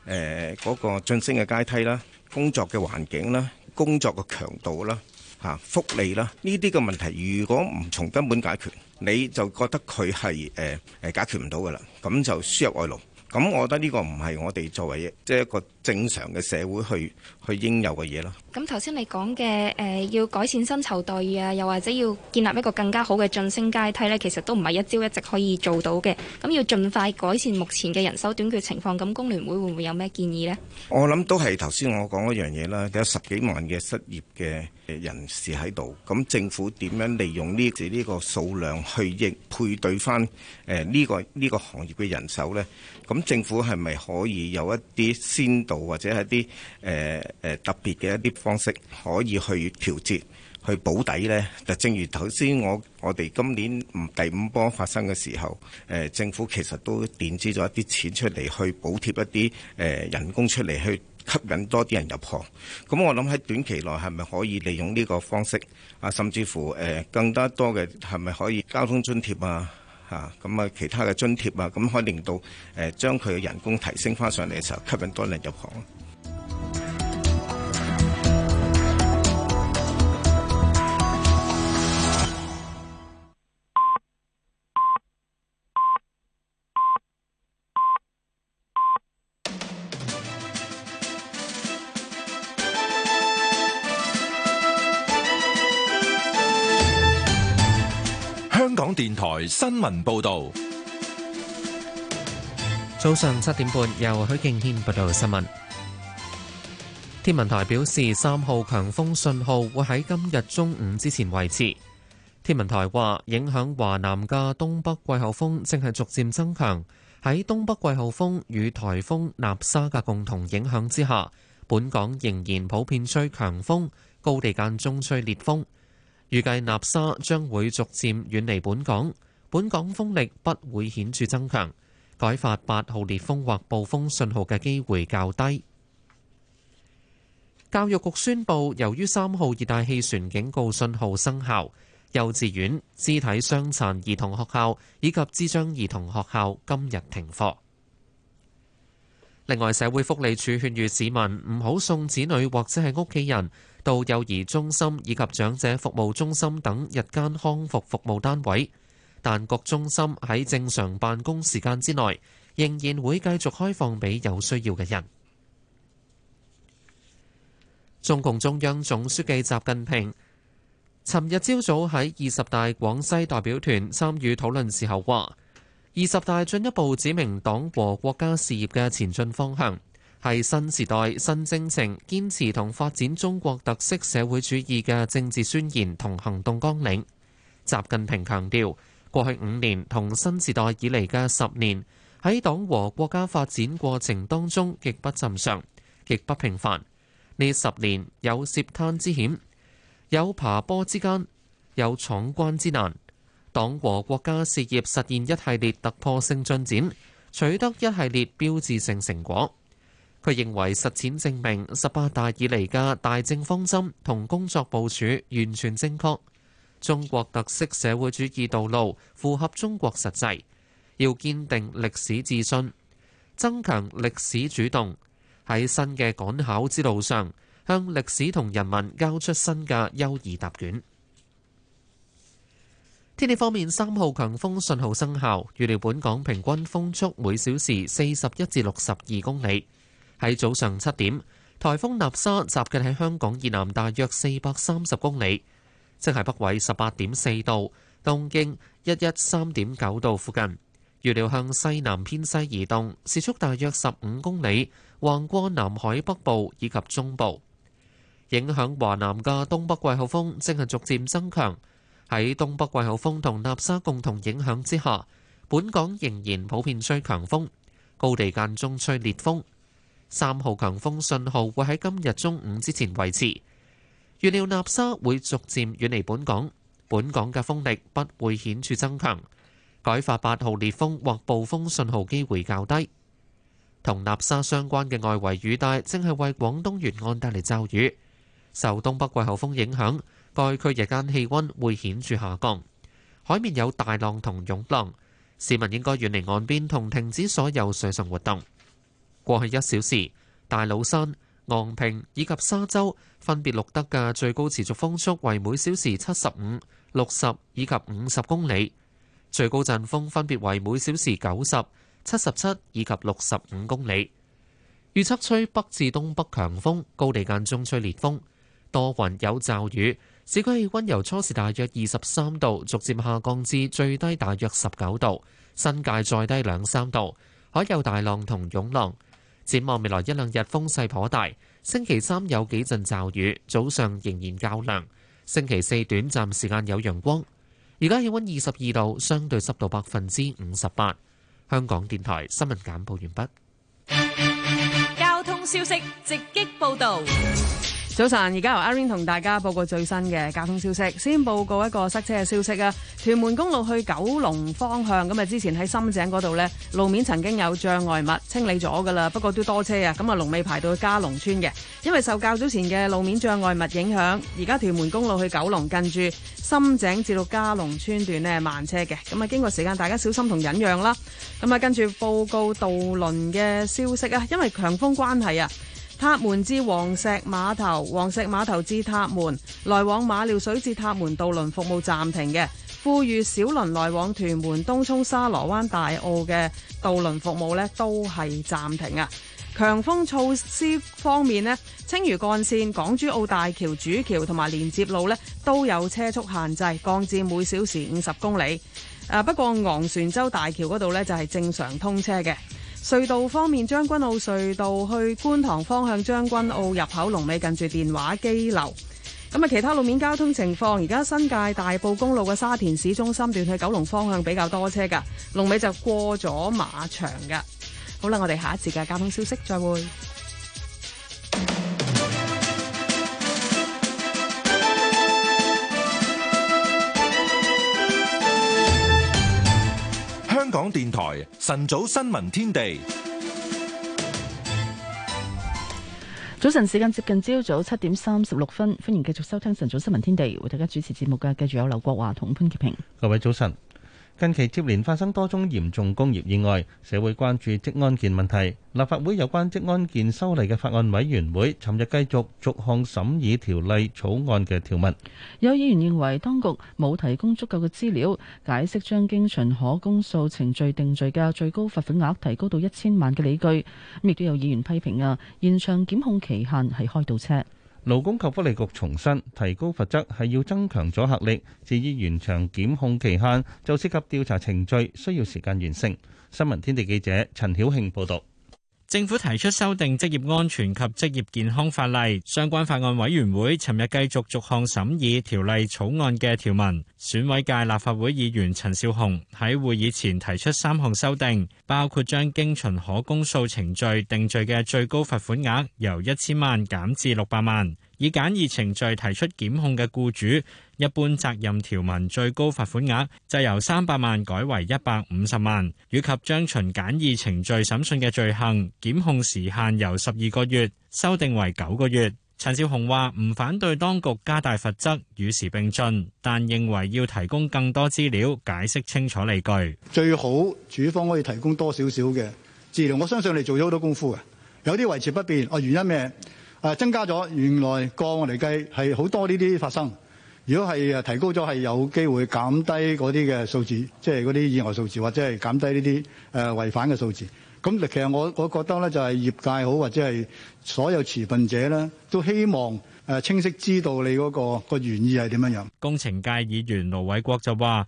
誒嗰個晉升嘅階梯啦，工作嘅環境啦，工作嘅強度啦，吓福利啦，呢啲嘅問題如果唔從根本解決，你就覺得佢係誒誒解決唔到㗎啦，咁就輸入外勞。咁我覺得呢個唔係我哋作為即係一個。正常嘅社會去去應有嘅嘢咯。咁頭先你講嘅誒，要改善薪酬待遇啊，又或者要建立一個更加好嘅晉升階梯呢，其實都唔係一朝一夕可以做到嘅。咁要盡快改善目前嘅人手短缺情況，咁工聯會會唔會有咩建議呢？我諗都係頭先我講一樣嘢啦，有十幾萬嘅失業嘅人士喺度。咁政府點樣利用呢個數量去應配對返誒呢個呢個行業嘅人手呢？咁政府係咪可以有一啲先？或者係啲誒誒特別嘅一啲方式，可以去調節、去補底呢。就正如頭先我我哋今年第五波發生嘅時候，誒、呃、政府其實都墊支咗一啲錢出嚟去補貼一啲誒、呃、人工出嚟，去吸引多啲人入行。咁我諗喺短期內係咪可以利用呢個方式？啊，甚至乎誒、呃、更加多嘅係咪可以交通津貼啊？啊，咁啊，其他嘅津貼啊，咁可以令到誒將佢嘅人工提升翻上嚟嘅時候，吸引多啲人入行。香港電台新聞報道，早上七點半由許敬軒報道新聞。天文台表示，三號強風信號會喺今日中午之前維持。天文台話，影響華南嘅東北季候風正係逐漸增強。喺東北季候風與颱風納沙嘅共同影響之下，本港仍然普遍吹強風，高地間中吹烈風。預計納沙將會逐漸遠離本港，本港風力不會顯著增強，改發八號烈風或暴風信號嘅機會較低。教育局宣布，由於三號熱帶氣旋警告信號生效，幼稚園、肢體傷殘兒童學校以及智障兒童學校今日停課。另外，社會福利署勸喻市民唔好送子女或者係屋企人到幼兒中心以及長者服務中心等日間康復服務單位，但各中心喺正常辦公時間之內仍然會繼續開放俾有需要嘅人。中共中央總書記習近平尋日朝早喺二十大廣西代表團參與討論時候話，二十大進一步指明黨和國家事業嘅前進方向。係新時代新征程，堅持同發展中國特色社會主義嘅政治宣言同行動綱領。習近平強調，過去五年同新時代以嚟嘅十年，喺黨和國家發展過程當中極不尋常、極不平凡。呢十年有涉灘之險，有爬坡之艱，有闖關之難。黨和國家事業實現一系列突破性進展，取得一系列標誌性成果。佢認為實踐證明十八大以嚟嘅大政方針同工作部署完全正確，中國特色社會主義道路符合中國實際，要堅定歷史自信，增強歷史主動，喺新嘅趕考之路上向歷史同人民交出新嘅優異答卷。天氣方面，三號強風信號生效，預料本港平均風速每小時四十一至六十二公里。喺早上七點，颱風納沙集結喺香港以南大約四百三十公里，即係北緯十八點四度，東經一一三點九度附近。預料向西南偏西移動，時速大約十五公里，橫過南海北部以及中部，影響華南嘅東北季候風，正係逐漸增強。喺東北季候風同納沙共同影響之下，本港仍然普遍吹強風，高地間中吹烈風。三號強風信號會喺今日中午之前維持，預料納沙會逐漸遠離本港，本港嘅風力不會顯著增強，改發八號烈風或暴風信號機會較低。同納沙相關嘅外圍雨帶正係為廣東沿岸帶嚟驟雨，受東北季候風影響，該區日間氣温會顯著下降，海面有大浪同湧浪，市民應該遠離岸邊同停止所有水上活動。過去一小時，大老山、昂坪以及沙洲分別錄得嘅最高持續風速為每小時七十五、六十以及五十公里，最高陣風分別為每小時九十、七十七以及六十五公里。預測吹北至東北強風，高地間中吹烈風，多雲有驟雨。市區氣温由初時大約二十三度，逐漸下降至最低大約十九度，新界再低兩三度，海有大浪同湧浪。展望未來一兩日風勢頗大，星期三有幾陣驟雨，早上仍然較涼。星期四短暫時間有陽光。而家氣溫二十二度，相對濕度百分之五十八。香港電台新聞簡報完畢。交通消息直擊報導。早晨，而家由阿 r i n 同大家報告最新嘅交通消息。先報告一個塞車嘅消息啊。屯門公路，去九龍方向，咁啊之前喺深井嗰度呢，路面曾經有障礙物，清理咗噶啦，不過都多車啊！咁啊龍尾排到去加龍村嘅，因為受較早前嘅路面障礙物影響，而家屯門公路去九龍，近住深井至到加龍村段呢慢車嘅。咁啊經過時間，大家小心同忍讓啦。咁啊跟住報告渡輪嘅消息啊，因為強風關係啊。塔門至黃石碼頭、黃石碼頭至塔門、來往馬料水至塔門渡輪服務暫停嘅，富裕小輪來往屯門東涌沙螺灣大澳嘅渡輪服務咧都係暫停啊！強風措施方面咧，青嶼幹線、港珠澳大橋主橋同埋連接路咧都有車速限制，降至每小時五十公里。誒，不過昂船洲大橋嗰度咧就係正常通車嘅。隧道方面，將軍澳隧道去觀塘方向將軍澳入口龍尾近住電話機樓。咁啊，其他路面交通情況，而家新界大埔公路嘅沙田市中心段去九龍方向比較多車噶，龍尾就過咗馬場噶。好啦，我哋下一節嘅交通消息再會。港電台晨早新聞天地，早晨時間接近朝早七點三十六分，歡迎繼續收聽晨早新聞天地，為大家主持節目嘅，繼續有劉國華同潘潔平。各位早晨。近期接連發生多宗嚴重工業意外，社會關注職安健問題。立法會有關職安健修例嘅法案委員會，尋日繼續逐項審議條例草案嘅條文。有議員認為當局冇提供足夠嘅資料解釋將經循可公訴程序定罪嘅最高罰款額提高到一千萬嘅理據，亦都有議員批評啊，延長檢控期限係開倒車。勞工及福利局重申，提高罰則係要增強阻嚇力。至於延長檢控期限，就涉及調查程序需要時間完成。新聞天地記者陳曉慶報道。政府提出修訂《職業安全及職業健康法例》，相關法案委員會尋日繼續逐項審議條例草案嘅條文。選委界立法會議員陳少雄喺會議前提出三項修訂，包括將經循可公訴程序定罪嘅最高罰款額由一千萬減至六百萬，以簡易程序提出檢控嘅僱主。一般責任條文最高罰款額就由三百萬改為一百五十萬，以及將循簡易程序審訊嘅罪行檢控時限由十二個月修訂為九個月。陳少雄話：唔反對當局加大罰則與時並進，但認為要提供更多資料，解釋清楚理據。最好主方可以提供多少少嘅資料。我相信你做咗好多功夫嘅，有啲維持不變哦，原因咩？誒增加咗原來個案嚟計係好多呢啲發生。如果係誒提高咗，係有機會減低嗰啲嘅數字，即係嗰啲意外數字，或者係減低呢啲誒違反嘅數字。咁其實我我覺得咧，就係業界好，或者係所有持份者咧，都希望誒清晰知道你嗰個個原意係點樣樣。工程界議員盧偉國就話。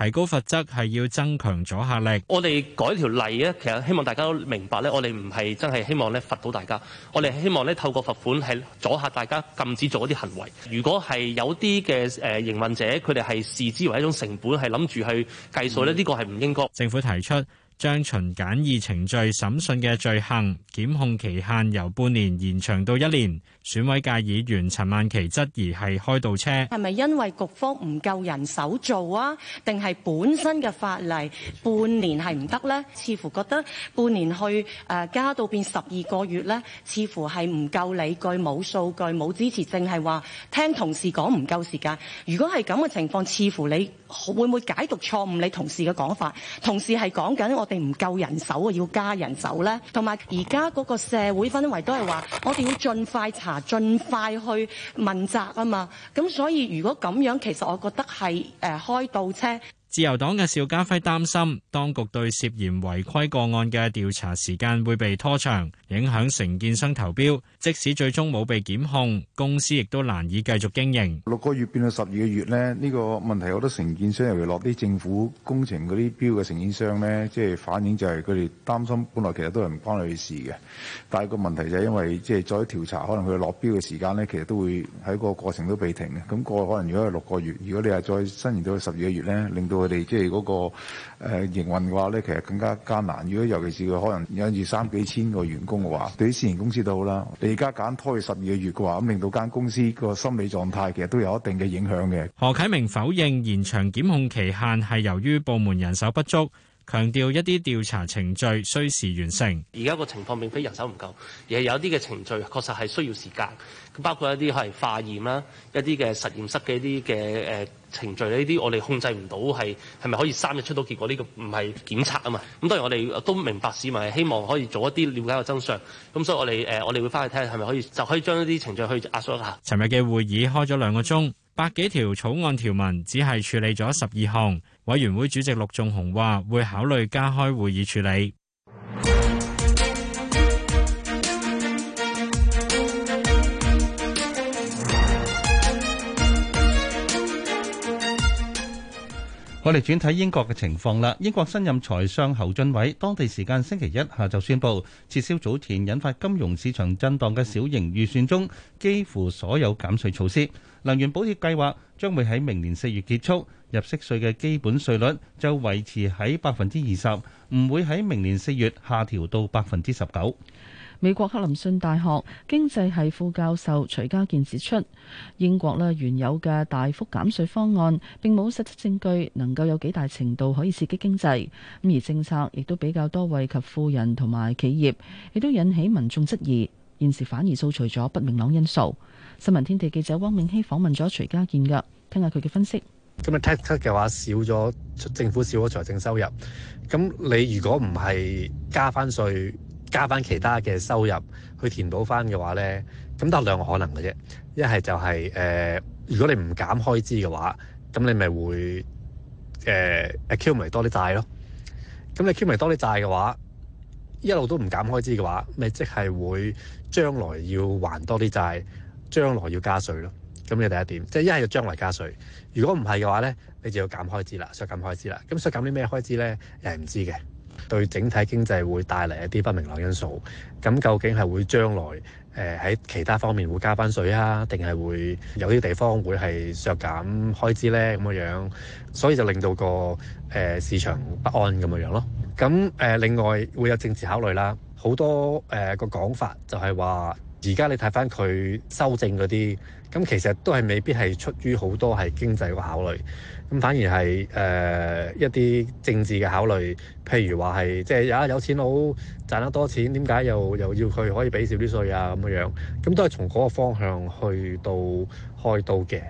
提高罰則係要增強阻嚇力。我哋改條例咧，其實希望大家都明白咧。我哋唔係真係希望咧罰到大家，我哋希望咧透過罰款係阻嚇大家禁止做一啲行為。如果係有啲嘅誒營運者，佢哋係視之為一種成本，係諗住去計數咧，呢個係唔應該。嗯、政府提出將循簡易程序審訊嘅罪行檢控期限由半年延長到一年。選委界議員陳曼琪質疑係開倒車，係咪因為局方唔夠人手做啊？定係本身嘅法例半年係唔得呢？似乎覺得半年去誒、呃、加到變十二個月呢，似乎係唔夠理據、冇數據、冇支持，淨係話聽同事講唔夠時間。如果係咁嘅情況，似乎你會唔會解讀錯誤你同事嘅講法？同事係講緊我哋唔夠人手，要加人手呢。同埋而家嗰個社會氛圍都係話我哋要盡快查。嗱、啊，盡快去問責啊嘛，咁所以如果咁樣，其實我覺得係誒、呃、開倒車。自由黨嘅邵家輝擔心當局對涉嫌違規個案嘅調查時間會被拖長，影響承建商投標。即使最終冇被檢控，公司亦都難以繼續經營。六個月變到十二個月咧，呢個問題好多承建商，尤其落啲政府工程嗰啲標嘅承建商咧，即係反映就係佢哋擔心。本來其實都係唔關佢哋事嘅，但係個問題就係因為即係再調查，可能佢落標嘅時間咧，其實都會喺個過程都被停嘅。咁個可能如果係六個月，如果你係再伸延到去十二個月咧，令到佢哋即係嗰、那個誒、呃、營運嘅話咧，其實更加艱難。如果尤其是佢可能有住三幾千個員工嘅話，對於私營公司都好啦。你而家揀拖去十二個月嘅話，咁令到間公司個心理狀態其實都有一定嘅影響嘅。何啟明否認延長檢控期限係由於部門人手不足，強調一啲調查程序需時完成。而家個情況並非人手唔夠，而係有啲嘅程序確實係需要時間。咁包括一啲係化驗啦，一啲嘅實驗室嘅一啲嘅誒。呃程序呢啲我哋控制唔到，係係咪可以三日出到結果？呢個唔係檢測啊嘛。咁當然我哋都明白市民係希望可以做一啲了解個真相。咁所以我哋誒我哋會翻去睇下，係咪可以就可以將一啲程序去壓縮一下。尋日嘅會議開咗兩個鐘，百幾條草案條文只係處理咗十二項。委員會主席陸仲雄話會考慮加開會議處理。我哋轉睇英國嘅情況啦。英國新任財相侯俊偉，當地時間星期一下晝宣布，撤銷早前引發金融市場震盪嘅小型預算中幾乎所有減稅措施。能源補貼計劃將會喺明年四月結束，入息稅嘅基本稅率就維持喺百分之二十，唔會喺明年四月下調到百分之十九。美國克林遜大學經濟系副教授徐家健指出，英國咧原有嘅大幅減稅方案，並冇實質證據能夠有幾大程度可以刺激經濟。咁而政策亦都比較多惠及富人同埋企業，亦都引起民眾質疑。現時反而掃除咗不明朗因素。新聞天地記者汪永熙訪問咗徐家健噶，聽下佢嘅分析。咁啊，tax 嘅話少咗，政府少咗財政收入。咁你如果唔係加翻稅加翻其他嘅收入去填補翻嘅話咧，咁得兩個可能嘅啫。一係就係、是、誒、呃，如果你唔減開支嘅話，咁你咪會誒、呃、accumulate 多啲債咯。咁你 accumulate 多啲債嘅話，一路都唔減開支嘅話，咪即係會將來要還多啲債，將來要加稅咯。咁你第一點，即係一係要將來加稅。如果唔係嘅話咧，你就要減開減開支啦，縮減開支啦。咁縮減啲咩開支咧？誒唔知嘅。對整體經濟會帶嚟一啲不明朗因素，咁究竟係會將來誒喺、呃、其他方面會加翻稅啊，定係會有啲地方會係削減開支呢？咁樣樣，所以就令到個誒、呃、市場不安咁樣樣咯。咁誒、呃、另外會有政治考慮啦，好多誒、呃、個講法就係話，而家你睇翻佢修正嗰啲，咁其實都係未必係出於好多係經濟嘅考慮。咁反而係、呃、一啲政治嘅考慮，譬如話係即係有有錢佬賺得多錢，點解又又要佢可以俾少啲稅啊咁樣，咁都係從嗰個方向去到開刀嘅。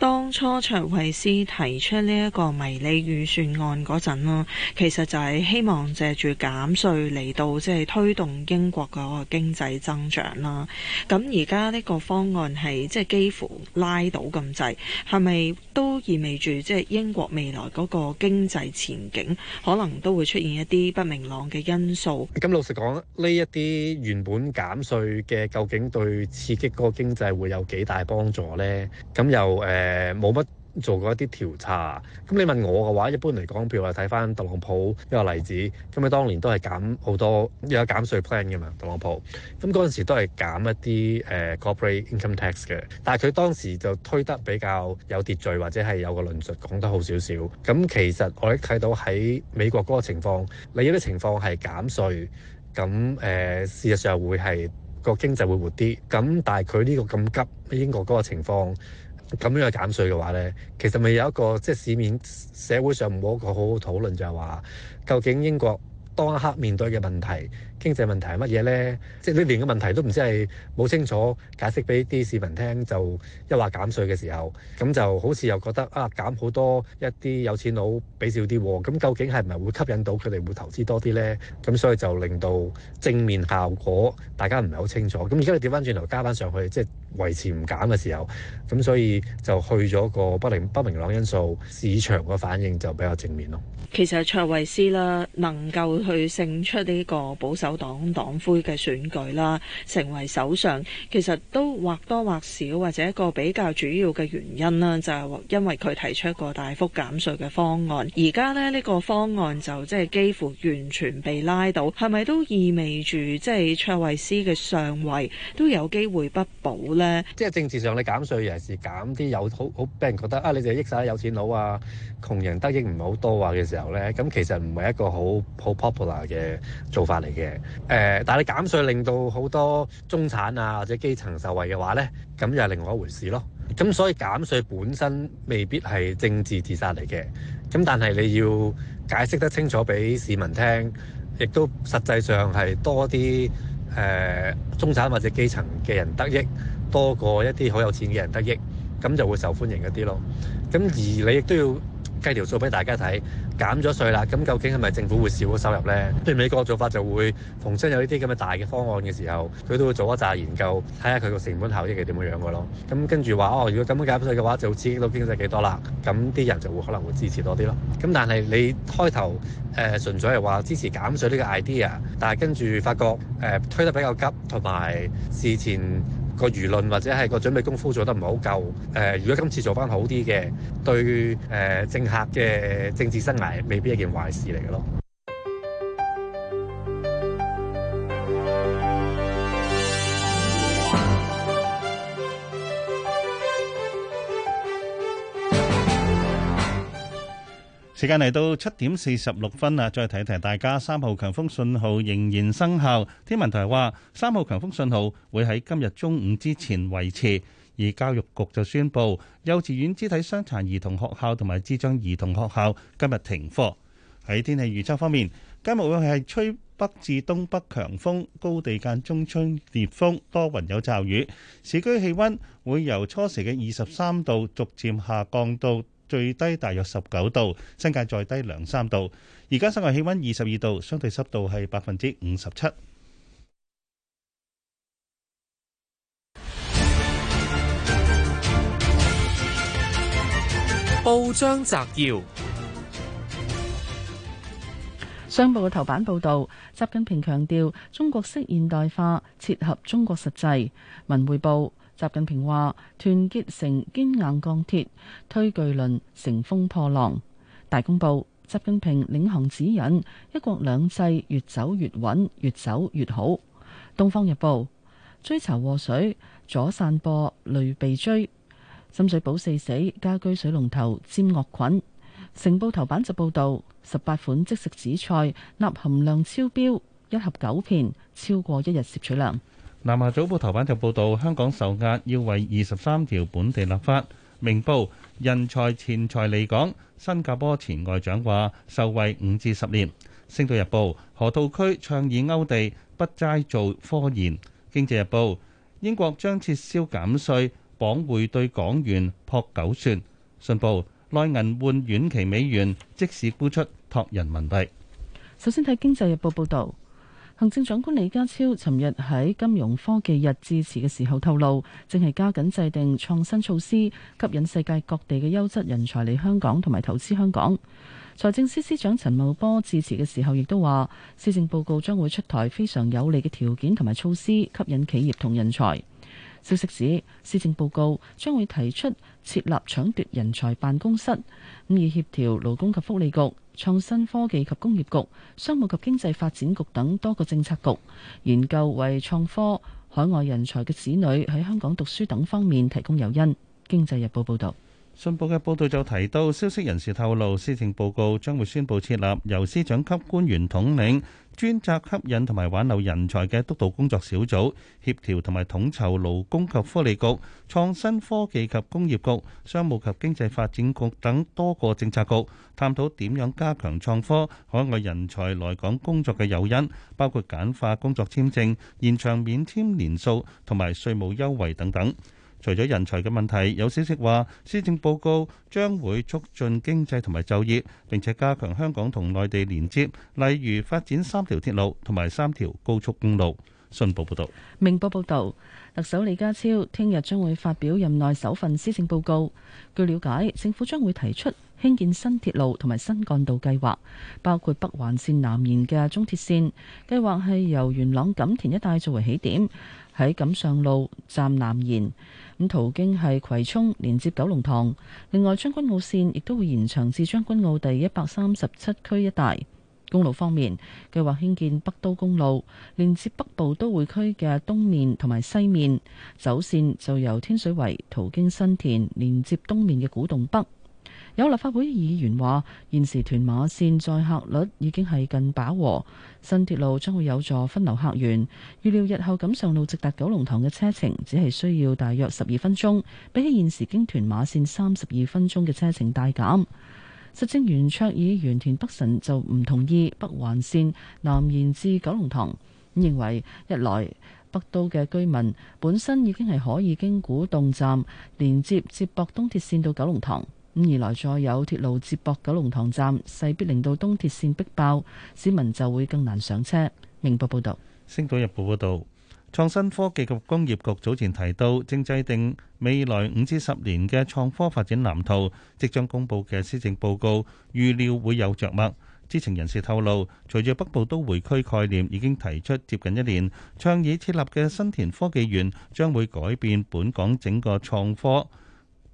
當初卓慧斯提出呢一個迷你預算案嗰陣咯，其實就係希望借住減稅嚟到即係推動英國嗰個經濟增長啦。咁而家呢個方案係即係幾乎拉到咁滯，係咪都意味住即係英國未來嗰個經濟前景可能都會出現一啲不明朗嘅因素？咁老實講，呢一啲原本減稅嘅，究竟對刺激嗰個經濟會有幾大幫助呢？咁又誒？呃誒冇乜做過一啲調查，咁你問我嘅話，一般嚟講，譬如我睇翻特朗普一個例子，咁佢當年都係減好多，有減稅 plan 嘅嘛。特朗普咁嗰陣時都係減一啲誒、呃、corporate income tax 嘅，但係佢當時就推得比較有秩序，或者係有個論述講得好少少。咁其實我睇到喺美國嗰個情況，你有啲情況係減稅，咁誒、呃、事實上是會係、個經濟會活啲。咁但係佢呢個咁急，英國嗰個情況。咁樣嘅減稅嘅話呢，其實咪有一個即係市面社會上冇一個好好討論就係話，究竟英國當刻面對嘅問題，經濟問題係乜嘢呢？即係呢邊嘅問題都唔知係冇清楚解釋俾啲市民聽，就一話減稅嘅時候，咁就好似又覺得啊，減好多一啲有錢佬俾少啲，咁究竟係唔係會吸引到佢哋會投資多啲呢？咁所以就令到正面效果大家唔係好清楚。咁而家你調翻轉頭加翻上去，即係。維持唔減嘅時候，咁所以就去咗個不明不明朗因素，市場嘅反應就比較正面咯。其實卓慧斯啦，能夠去勝出呢個保守黨黨魁嘅選舉啦，成為首相，其實都或多或少或者一個比較主要嘅原因啦，就係、是、因為佢提出一個大幅減稅嘅方案。而家咧呢、呢個方案就即係幾乎完全被拉到，係咪都意味住即係卓慧斯嘅上位都有機會不保？即係政治上你減稅，尤其是減啲有好好，俾人覺得啊，你哋益晒有錢佬啊，窮人得益唔好多啊嘅時候咧，咁其實唔係一個好好 popular 嘅做法嚟嘅。誒、呃，但係你減稅令到好多中產啊或者基層受惠嘅話咧，咁又係另外一回事咯。咁所以減稅本身未必係政治自殺嚟嘅。咁但係你要解釋得清楚俾市民聽，亦都實際上係多啲誒、呃、中產或者基層嘅人得益。多過一啲好有錢嘅人得益，咁就會受歡迎一啲咯。咁而你亦都要計條數俾大家睇，減咗稅啦。咁究竟係咪政府會少咗收入呢？譬如美國做法就會逢親有呢啲咁嘅大嘅方案嘅時候，佢都會做一紮研究，睇下佢個成本效益係點樣樣嘅咯。咁跟住話哦，如果咁樣減稅嘅話，就會刺激到經濟幾多啦？咁啲人就會可能會支持多啲咯。咁但係你開頭誒純粹係話支持減稅呢個 idea，但係跟住發覺誒推得比較急，同埋事前。個輿論或者係個準備功夫做得唔係好夠，誒，如果今次做翻好啲嘅，對誒政客嘅政治生涯未必係一件壞事嚟嘅咯。時間嚟到七點四十六分啊！再提一提大家，三號強風信號仍然生效。天文台話三號強風信號會喺今日中午之前維持。而教育局就宣布幼稚園肢體傷殘兒童學校同埋智障兒童學校今日停課。喺天氣預測方面，今日會係吹北至東北強風，高地間中吹烈風，多雲有驟雨。市區氣温會由初時嘅二十三度逐漸下降到，最低大約十九度，新界再低兩三度。而家室外氣温二十二度，相對濕度係百分之五十七。報章摘要，商報嘅頭版報導，習近平強調中國式現代化切合中國實際。文匯報。習近平話：團結成堅硬鋼鐵，推巨輪乘風破浪。大公報：習近平領航指引，一國兩制越走越穩，越走越好。東方日報：追查禍水，左散播，累被追。深水埗四死，家居水龍頭沾惡菌。《城報》頭版就報道：十八款即食紫菜鈉含量超標，一盒九片，超過一日攝取量。南華早報頭版就報道，香港受壓要為二十三條本地立法。明報，人才錢財離港，新加坡前外長話受惠五至十年。星島日報，河套區倡議勾地不齋做科研。經濟日報，英國將撤銷減稅，綁匯對港元撲九算。信報，內銀換遠期美元即時沽出托人民幣。首先睇經濟日報報道。行政長官李家超尋日喺金融科技日致辭嘅時候透露，正係加緊制定創新措施，吸引世界各地嘅優質人才嚟香港同埋投資香港。財政司司長陳茂波致辭嘅時候亦都話，施政報告將會出台非常有利嘅條件同埋措施，吸引企業同人才。消息指，施政報告將會提出設立搶奪人才辦公室，咁以協調勞工及福利局。創新科技及工業局、商務及經濟發展局等多個政策局，研究為創科、海外人才嘅子女喺香港讀書等方面提供誘因。經濟日報報導。信報嘅報道就提到，消息人士透露，施政報告將會宣布設立由司長級官員統領、專責吸引同埋挽留人才嘅督導工作小組，協調同埋統籌勞工及福利局、創新科技及工業局、商務及經濟發展局等多個政策局，探討點樣加強創科海外人才來港工作嘅誘因，包括簡化工作簽證、延長免簽年數同埋稅務優惠等等。除咗人才嘅問題，有消息話，施政報告將會促進經濟同埋就業，並且加強香港同內地連接，例如發展三條鐵路同埋三條高速公路。信報報道，明報報道，特首李家超聽日將會發表任內首份施政報告。據瞭解，政府將會提出興建新鐵路同埋新幹道計劃，包括北環線南延嘅中鐵線，計劃係由元朗錦田一帶作為起點。喺錦上路站南延，咁途經係葵涌連接九龍塘。另外將軍澳綫亦都會延長至將軍澳第一百三十七區一帶。公路方面，計劃興建北都公路，連接北部都會區嘅東面同埋西面。走綫就由天水圍途經新田，連接東面嘅古洞北。 *music* *music* 有立法會議員話：現時屯馬線載客率已經係近飽和，新鐵路將會有助分流客源。預料日後錦上路直達九龍塘嘅車程只係需要大約十二分鐘，比起現時經屯馬線三十二分鐘嘅車程大減。實政圓桌議員田北辰就唔同意北環線南延至九龍塘，認為一來北都嘅居民本身已經係可以經古洞站連接接駁東鐵線到九龍塘。咁而來，再有鐵路接駁九龍塘站，勢必令到東鐵線逼爆，市民就會更難上車。明報報導，《星島日報》報道，創新科技及工業局早前提到，正制定未來五至十年嘅創科發展藍圖，即將公佈嘅施政報告，預料會有着墨。知情人士透露，隨住北部都會區概念已經提出接近一年，倡議設立嘅新田科技園，將會改變本港整個創科。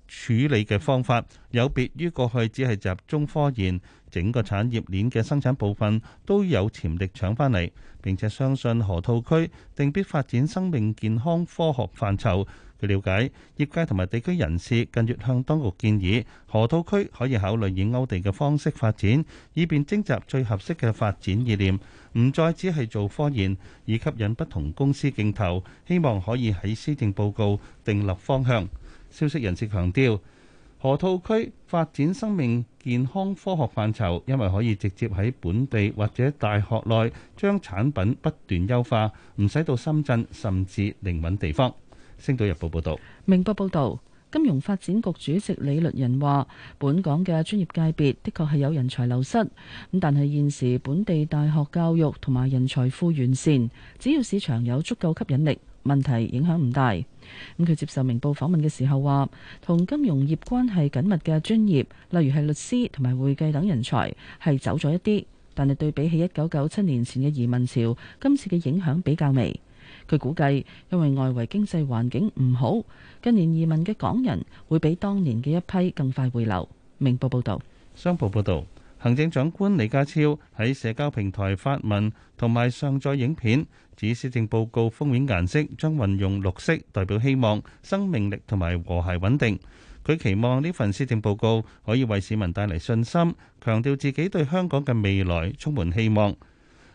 處理嘅方法有別於過去只係集中科研，整個產業鏈嘅生產部分都有潛力搶翻嚟。並且相信河套區定必發展生命健康科學範疇。據了解，業界同埋地區人士近月向當局建議，河套區可以考慮以勾地嘅方式發展，以便徵集最合適嘅發展意念，唔再只係做科研，以吸引不同公司競投，希望可以喺施政報告訂立方向。消息人士強調，河套區發展生命健康科學範疇，因為可以直接喺本地或者大學內將產品不斷優化，唔使到深圳甚至另揾地方。星島日報報道，明報報道。金融發展局主席李律仁話，本港嘅專業界別的確係有人才流失，咁但係現時本地大學教育同埋人才庫完善，只要市場有足夠吸引力，問題影響唔大。咁佢接受明報訪問嘅時候話，同金融業關係緊密嘅專業，例如係律師同埋會計等人才係走咗一啲，但係對比起一九九七年前嘅移民潮，今次嘅影響比較微。佢估計，因為外圍經濟環境唔好，近年移民嘅港人會比當年嘅一批更快回流。明報報道，商報報道，行政長官李家超喺社交平台發文同埋上載影片。指施政報告封面顏色將運用綠色，代表希望、生命力同埋和諧穩定。佢期望呢份施政報告可以為市民帶嚟信心，強調自己對香港嘅未來充滿希望。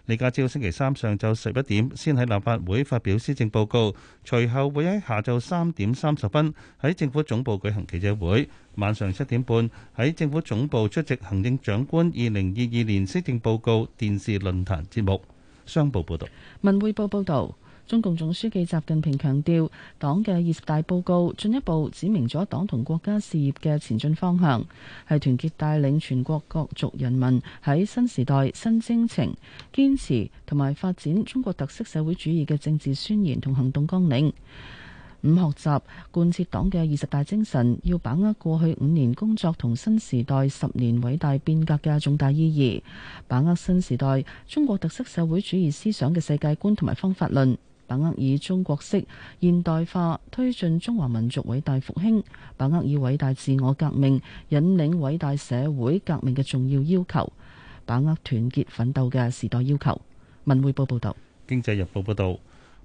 李家超星期三上晝十一點先喺立法會發表施政報告，隨後會喺下晝三點三十分喺政府總部舉行記者會，晚上七點半喺政府總部出席行政長官二零二二年施政報告電視論壇節目。商報報道，文匯報報道，中共總書記習近平強調，黨嘅二十大報告進一步指明咗黨同國家事業嘅前進方向，係團結帶領全國各族人民喺新時代新征程堅持同埋發展中國特色社會主義嘅政治宣言同行動綱領。五學習貫徹黨嘅二十大精神，要把握過去五年工作同新時代十年偉大變革嘅重大意義，把握新時代中國特色社會主義思想嘅世界觀同埋方法論，把握以中國式現代化推進中華民族偉大復興，把握以偉大自我革命引領偉大社會革命嘅重要要求，把握團結奮鬥嘅時代要求。文匯報報導。經濟日報報導。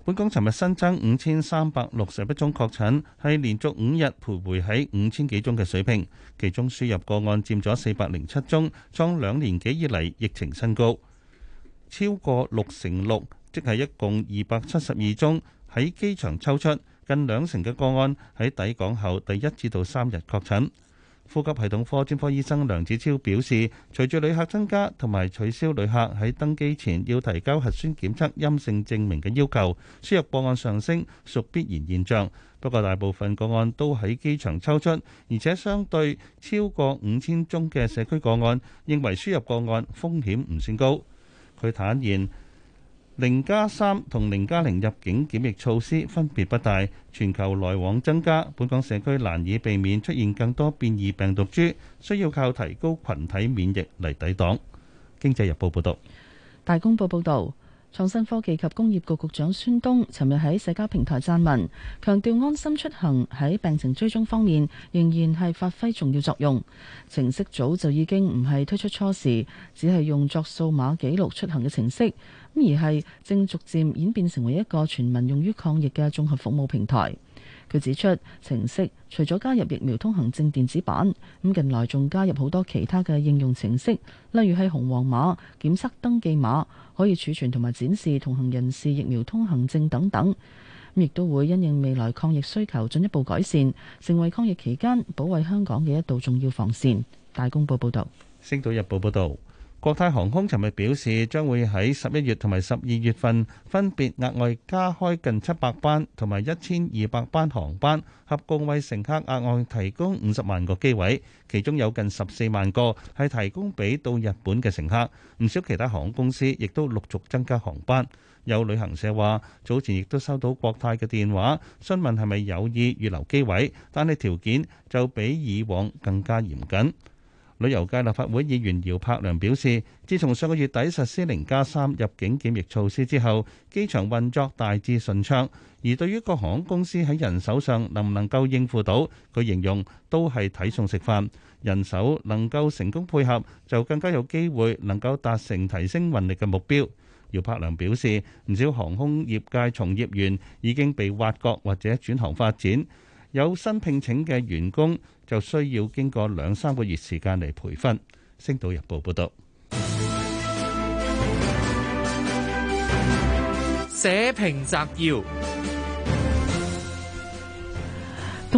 本港尋日新增五千三百六十一宗確診，係連續五日徘徊喺五千幾宗嘅水平，其中輸入個案佔咗四百零七宗，創兩年幾以嚟疫情新高，超過六成六，即係一共二百七十二宗喺機場抽出，近兩成嘅個案喺抵港後第一至到三日確診。呼吸系統科專科醫生梁子超表示，隨住旅客增加同埋取消旅客喺登機前要提交核酸檢測陰性證明嘅要求，輸入個案上升屬必然現象。不過，大部分個案都喺機場抽出，而且相對超過五千宗嘅社區個案，認為輸入個案風險唔算高。佢坦言，零加三同零加零入境檢疫措施分別不大，全球來往增加，本港社區難以避免出現更多變異病毒株，需要靠提高群體免疫嚟抵擋。經濟日報報道。大公報報道。創新科技及工業局局長孫東尋日喺社交平台撰文，強調安心出行喺病情追蹤方面仍然係發揮重要作用。程式早就已經唔係推出初時，只係用作數碼記錄出行嘅程式，而係正逐漸演變成為一個全民用於抗疫嘅綜合服務平台。佢指出，程式除咗加入疫苗通行證電子版，咁近來仲加入好多其他嘅應用程式，例如係紅黃碼、檢測登記碼，可以儲存同埋展示同行人士疫苗通行證等等，亦都會因應未來抗疫需求進一步改善，成為抗疫期間保衛香港嘅一道重要防線。大公報報道。《星島日報》報道。國泰航空尋日表示，將會喺十一月同埋十二月份分別額外加開近七百班同埋一千二百班航班，合共為乘客額外提供五十萬個機位，其中有近十四萬個係提供俾到日本嘅乘客。唔少其他航空公司亦都陸續增加航班。有旅行社話，早前亦都收到國泰嘅電話詢問係咪有意預留機位，但係條件就比以往更加嚴謹。旅遊界立法會議員姚柏良表示，自從上個月底實施零加三入境檢疫措施之後，機場運作大致順暢。而對於各航空公司喺人手上能唔能夠應付到，佢形容都係睇餸食飯。人手能夠成功配合，就更加有機會能夠達成提升運力嘅目標。姚柏良表示，唔少航空業界從業員已經被挖角或者轉行發展，有新聘請嘅員工，就需要經過兩三個月時間嚟培訓。星島日報報道：社評摘要。《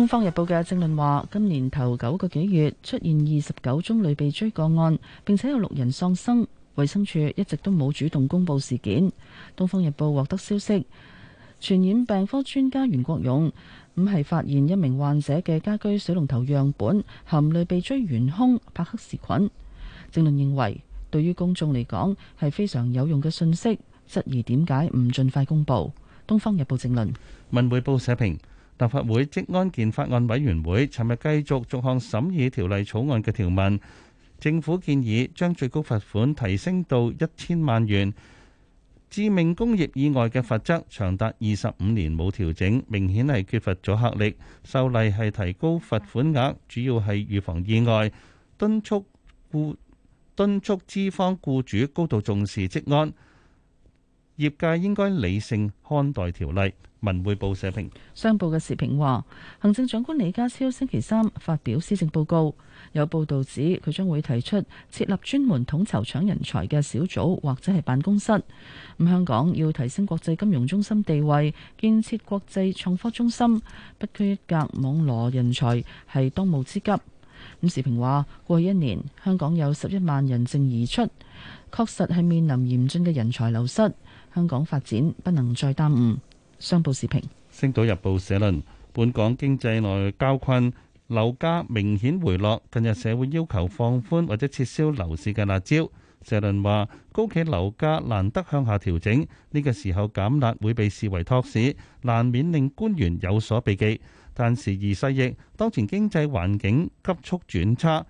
東方日報》嘅正論話：今年頭九個幾月出現二十九宗類鼻疽個案，並且有六人喪生。衛生署一直都冇主動公布事件。《東方日報》獲得消息，傳染病科專家袁國勇。五係發現一名患者嘅家居水龍頭樣本含類鼻疽元兇柏克氏菌。正論認為對於公眾嚟講係非常有用嘅信息，質疑點解唔盡快公佈。《東方日報》正論。《文匯報》社評：立法會職安健法案委員會尋日繼續逐項審議條例草案嘅條文，政府建議將最高罰款提升到一千萬元。致命工業意外嘅罰則長達二十五年冇調整，明顯係缺乏咗客力。受例係提高罰款額，主要係預防意外，敦促雇敦促資方雇主高度重視職安。業界應該理性看待條例。文匯報社評，商報嘅時評話，行政長官李家超星期三發表施政報告，有報道指佢將會提出設立專門統籌搶人才嘅小組或者係辦公室。咁香港要提升國際金融中心地位，建設國際創科中心，不拘一格網羅人才係當務之急。咁時評話，過去一年香港有十一萬人淨移出，確實係面臨嚴峻嘅人才流失，香港發展不能再耽誤。商報視頻，星島日報社論：本港經濟內交困，樓價明顯回落。近日社會要求放寬或者撤銷樓市嘅辣椒，社論話，高企樓價難得向下調整，呢個時候減辣會被視為托市，難免令官員有所避忌。但時移世易，當前經濟環境急速轉差。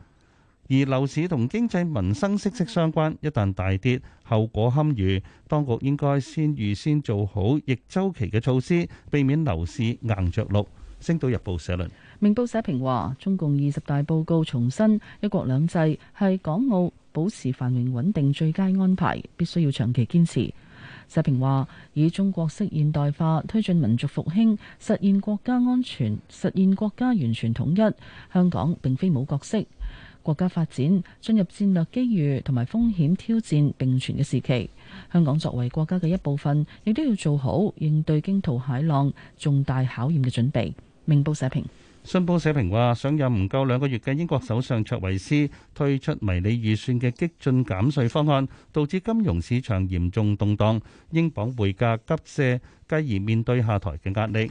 而樓市同經濟民生息息相關，一旦大跌，後果堪虞。當局應該先預先做好逆周期嘅措施，避免樓市硬着陸。星島日報社論，明報社評話：中共二十大報告重申一國兩制係港澳保持繁榮穩定最佳安排，必須要長期堅持。社評話：以中國式現代化推進民族復興，實現國家安全，實現國家完全統一，香港並非冇角色。國家發展進入戰略機遇同埋風險挑戰並存嘅時期，香港作為國家嘅一部分，亦都要做好應對驚濤駭浪重大考驗嘅準備。明報社評，信報社評話，上任唔夠兩個月嘅英國首相卓維斯推出迷你預算嘅激進減稅方案，導致金融市場嚴重動盪，英鎊匯價急瀉，繼而面對下台嘅壓力。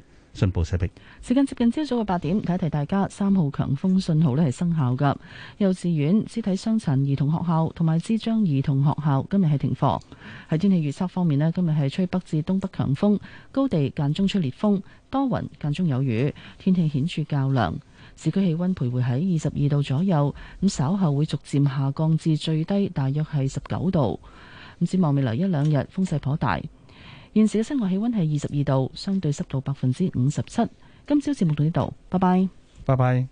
信報社畢。時間接近朝早嘅八點，提提大家三號強風信號咧係生效嘅。幼稚園、肢體傷殘兒童學校同埋智障兒童學校今日係停課。喺天氣預測方面咧，今日係吹北至東北強風，高地間中吹烈風，多雲間中有雨，天氣顯著較涼。市區氣温徘徊喺二十二度左右，咁稍後會逐漸下降至最低，大約係十九度。咁展望未來一兩日風勢頗大。現時嘅室外氣溫係二十二度，相對濕度百分之五十七。今朝節目到呢度，拜拜。拜拜。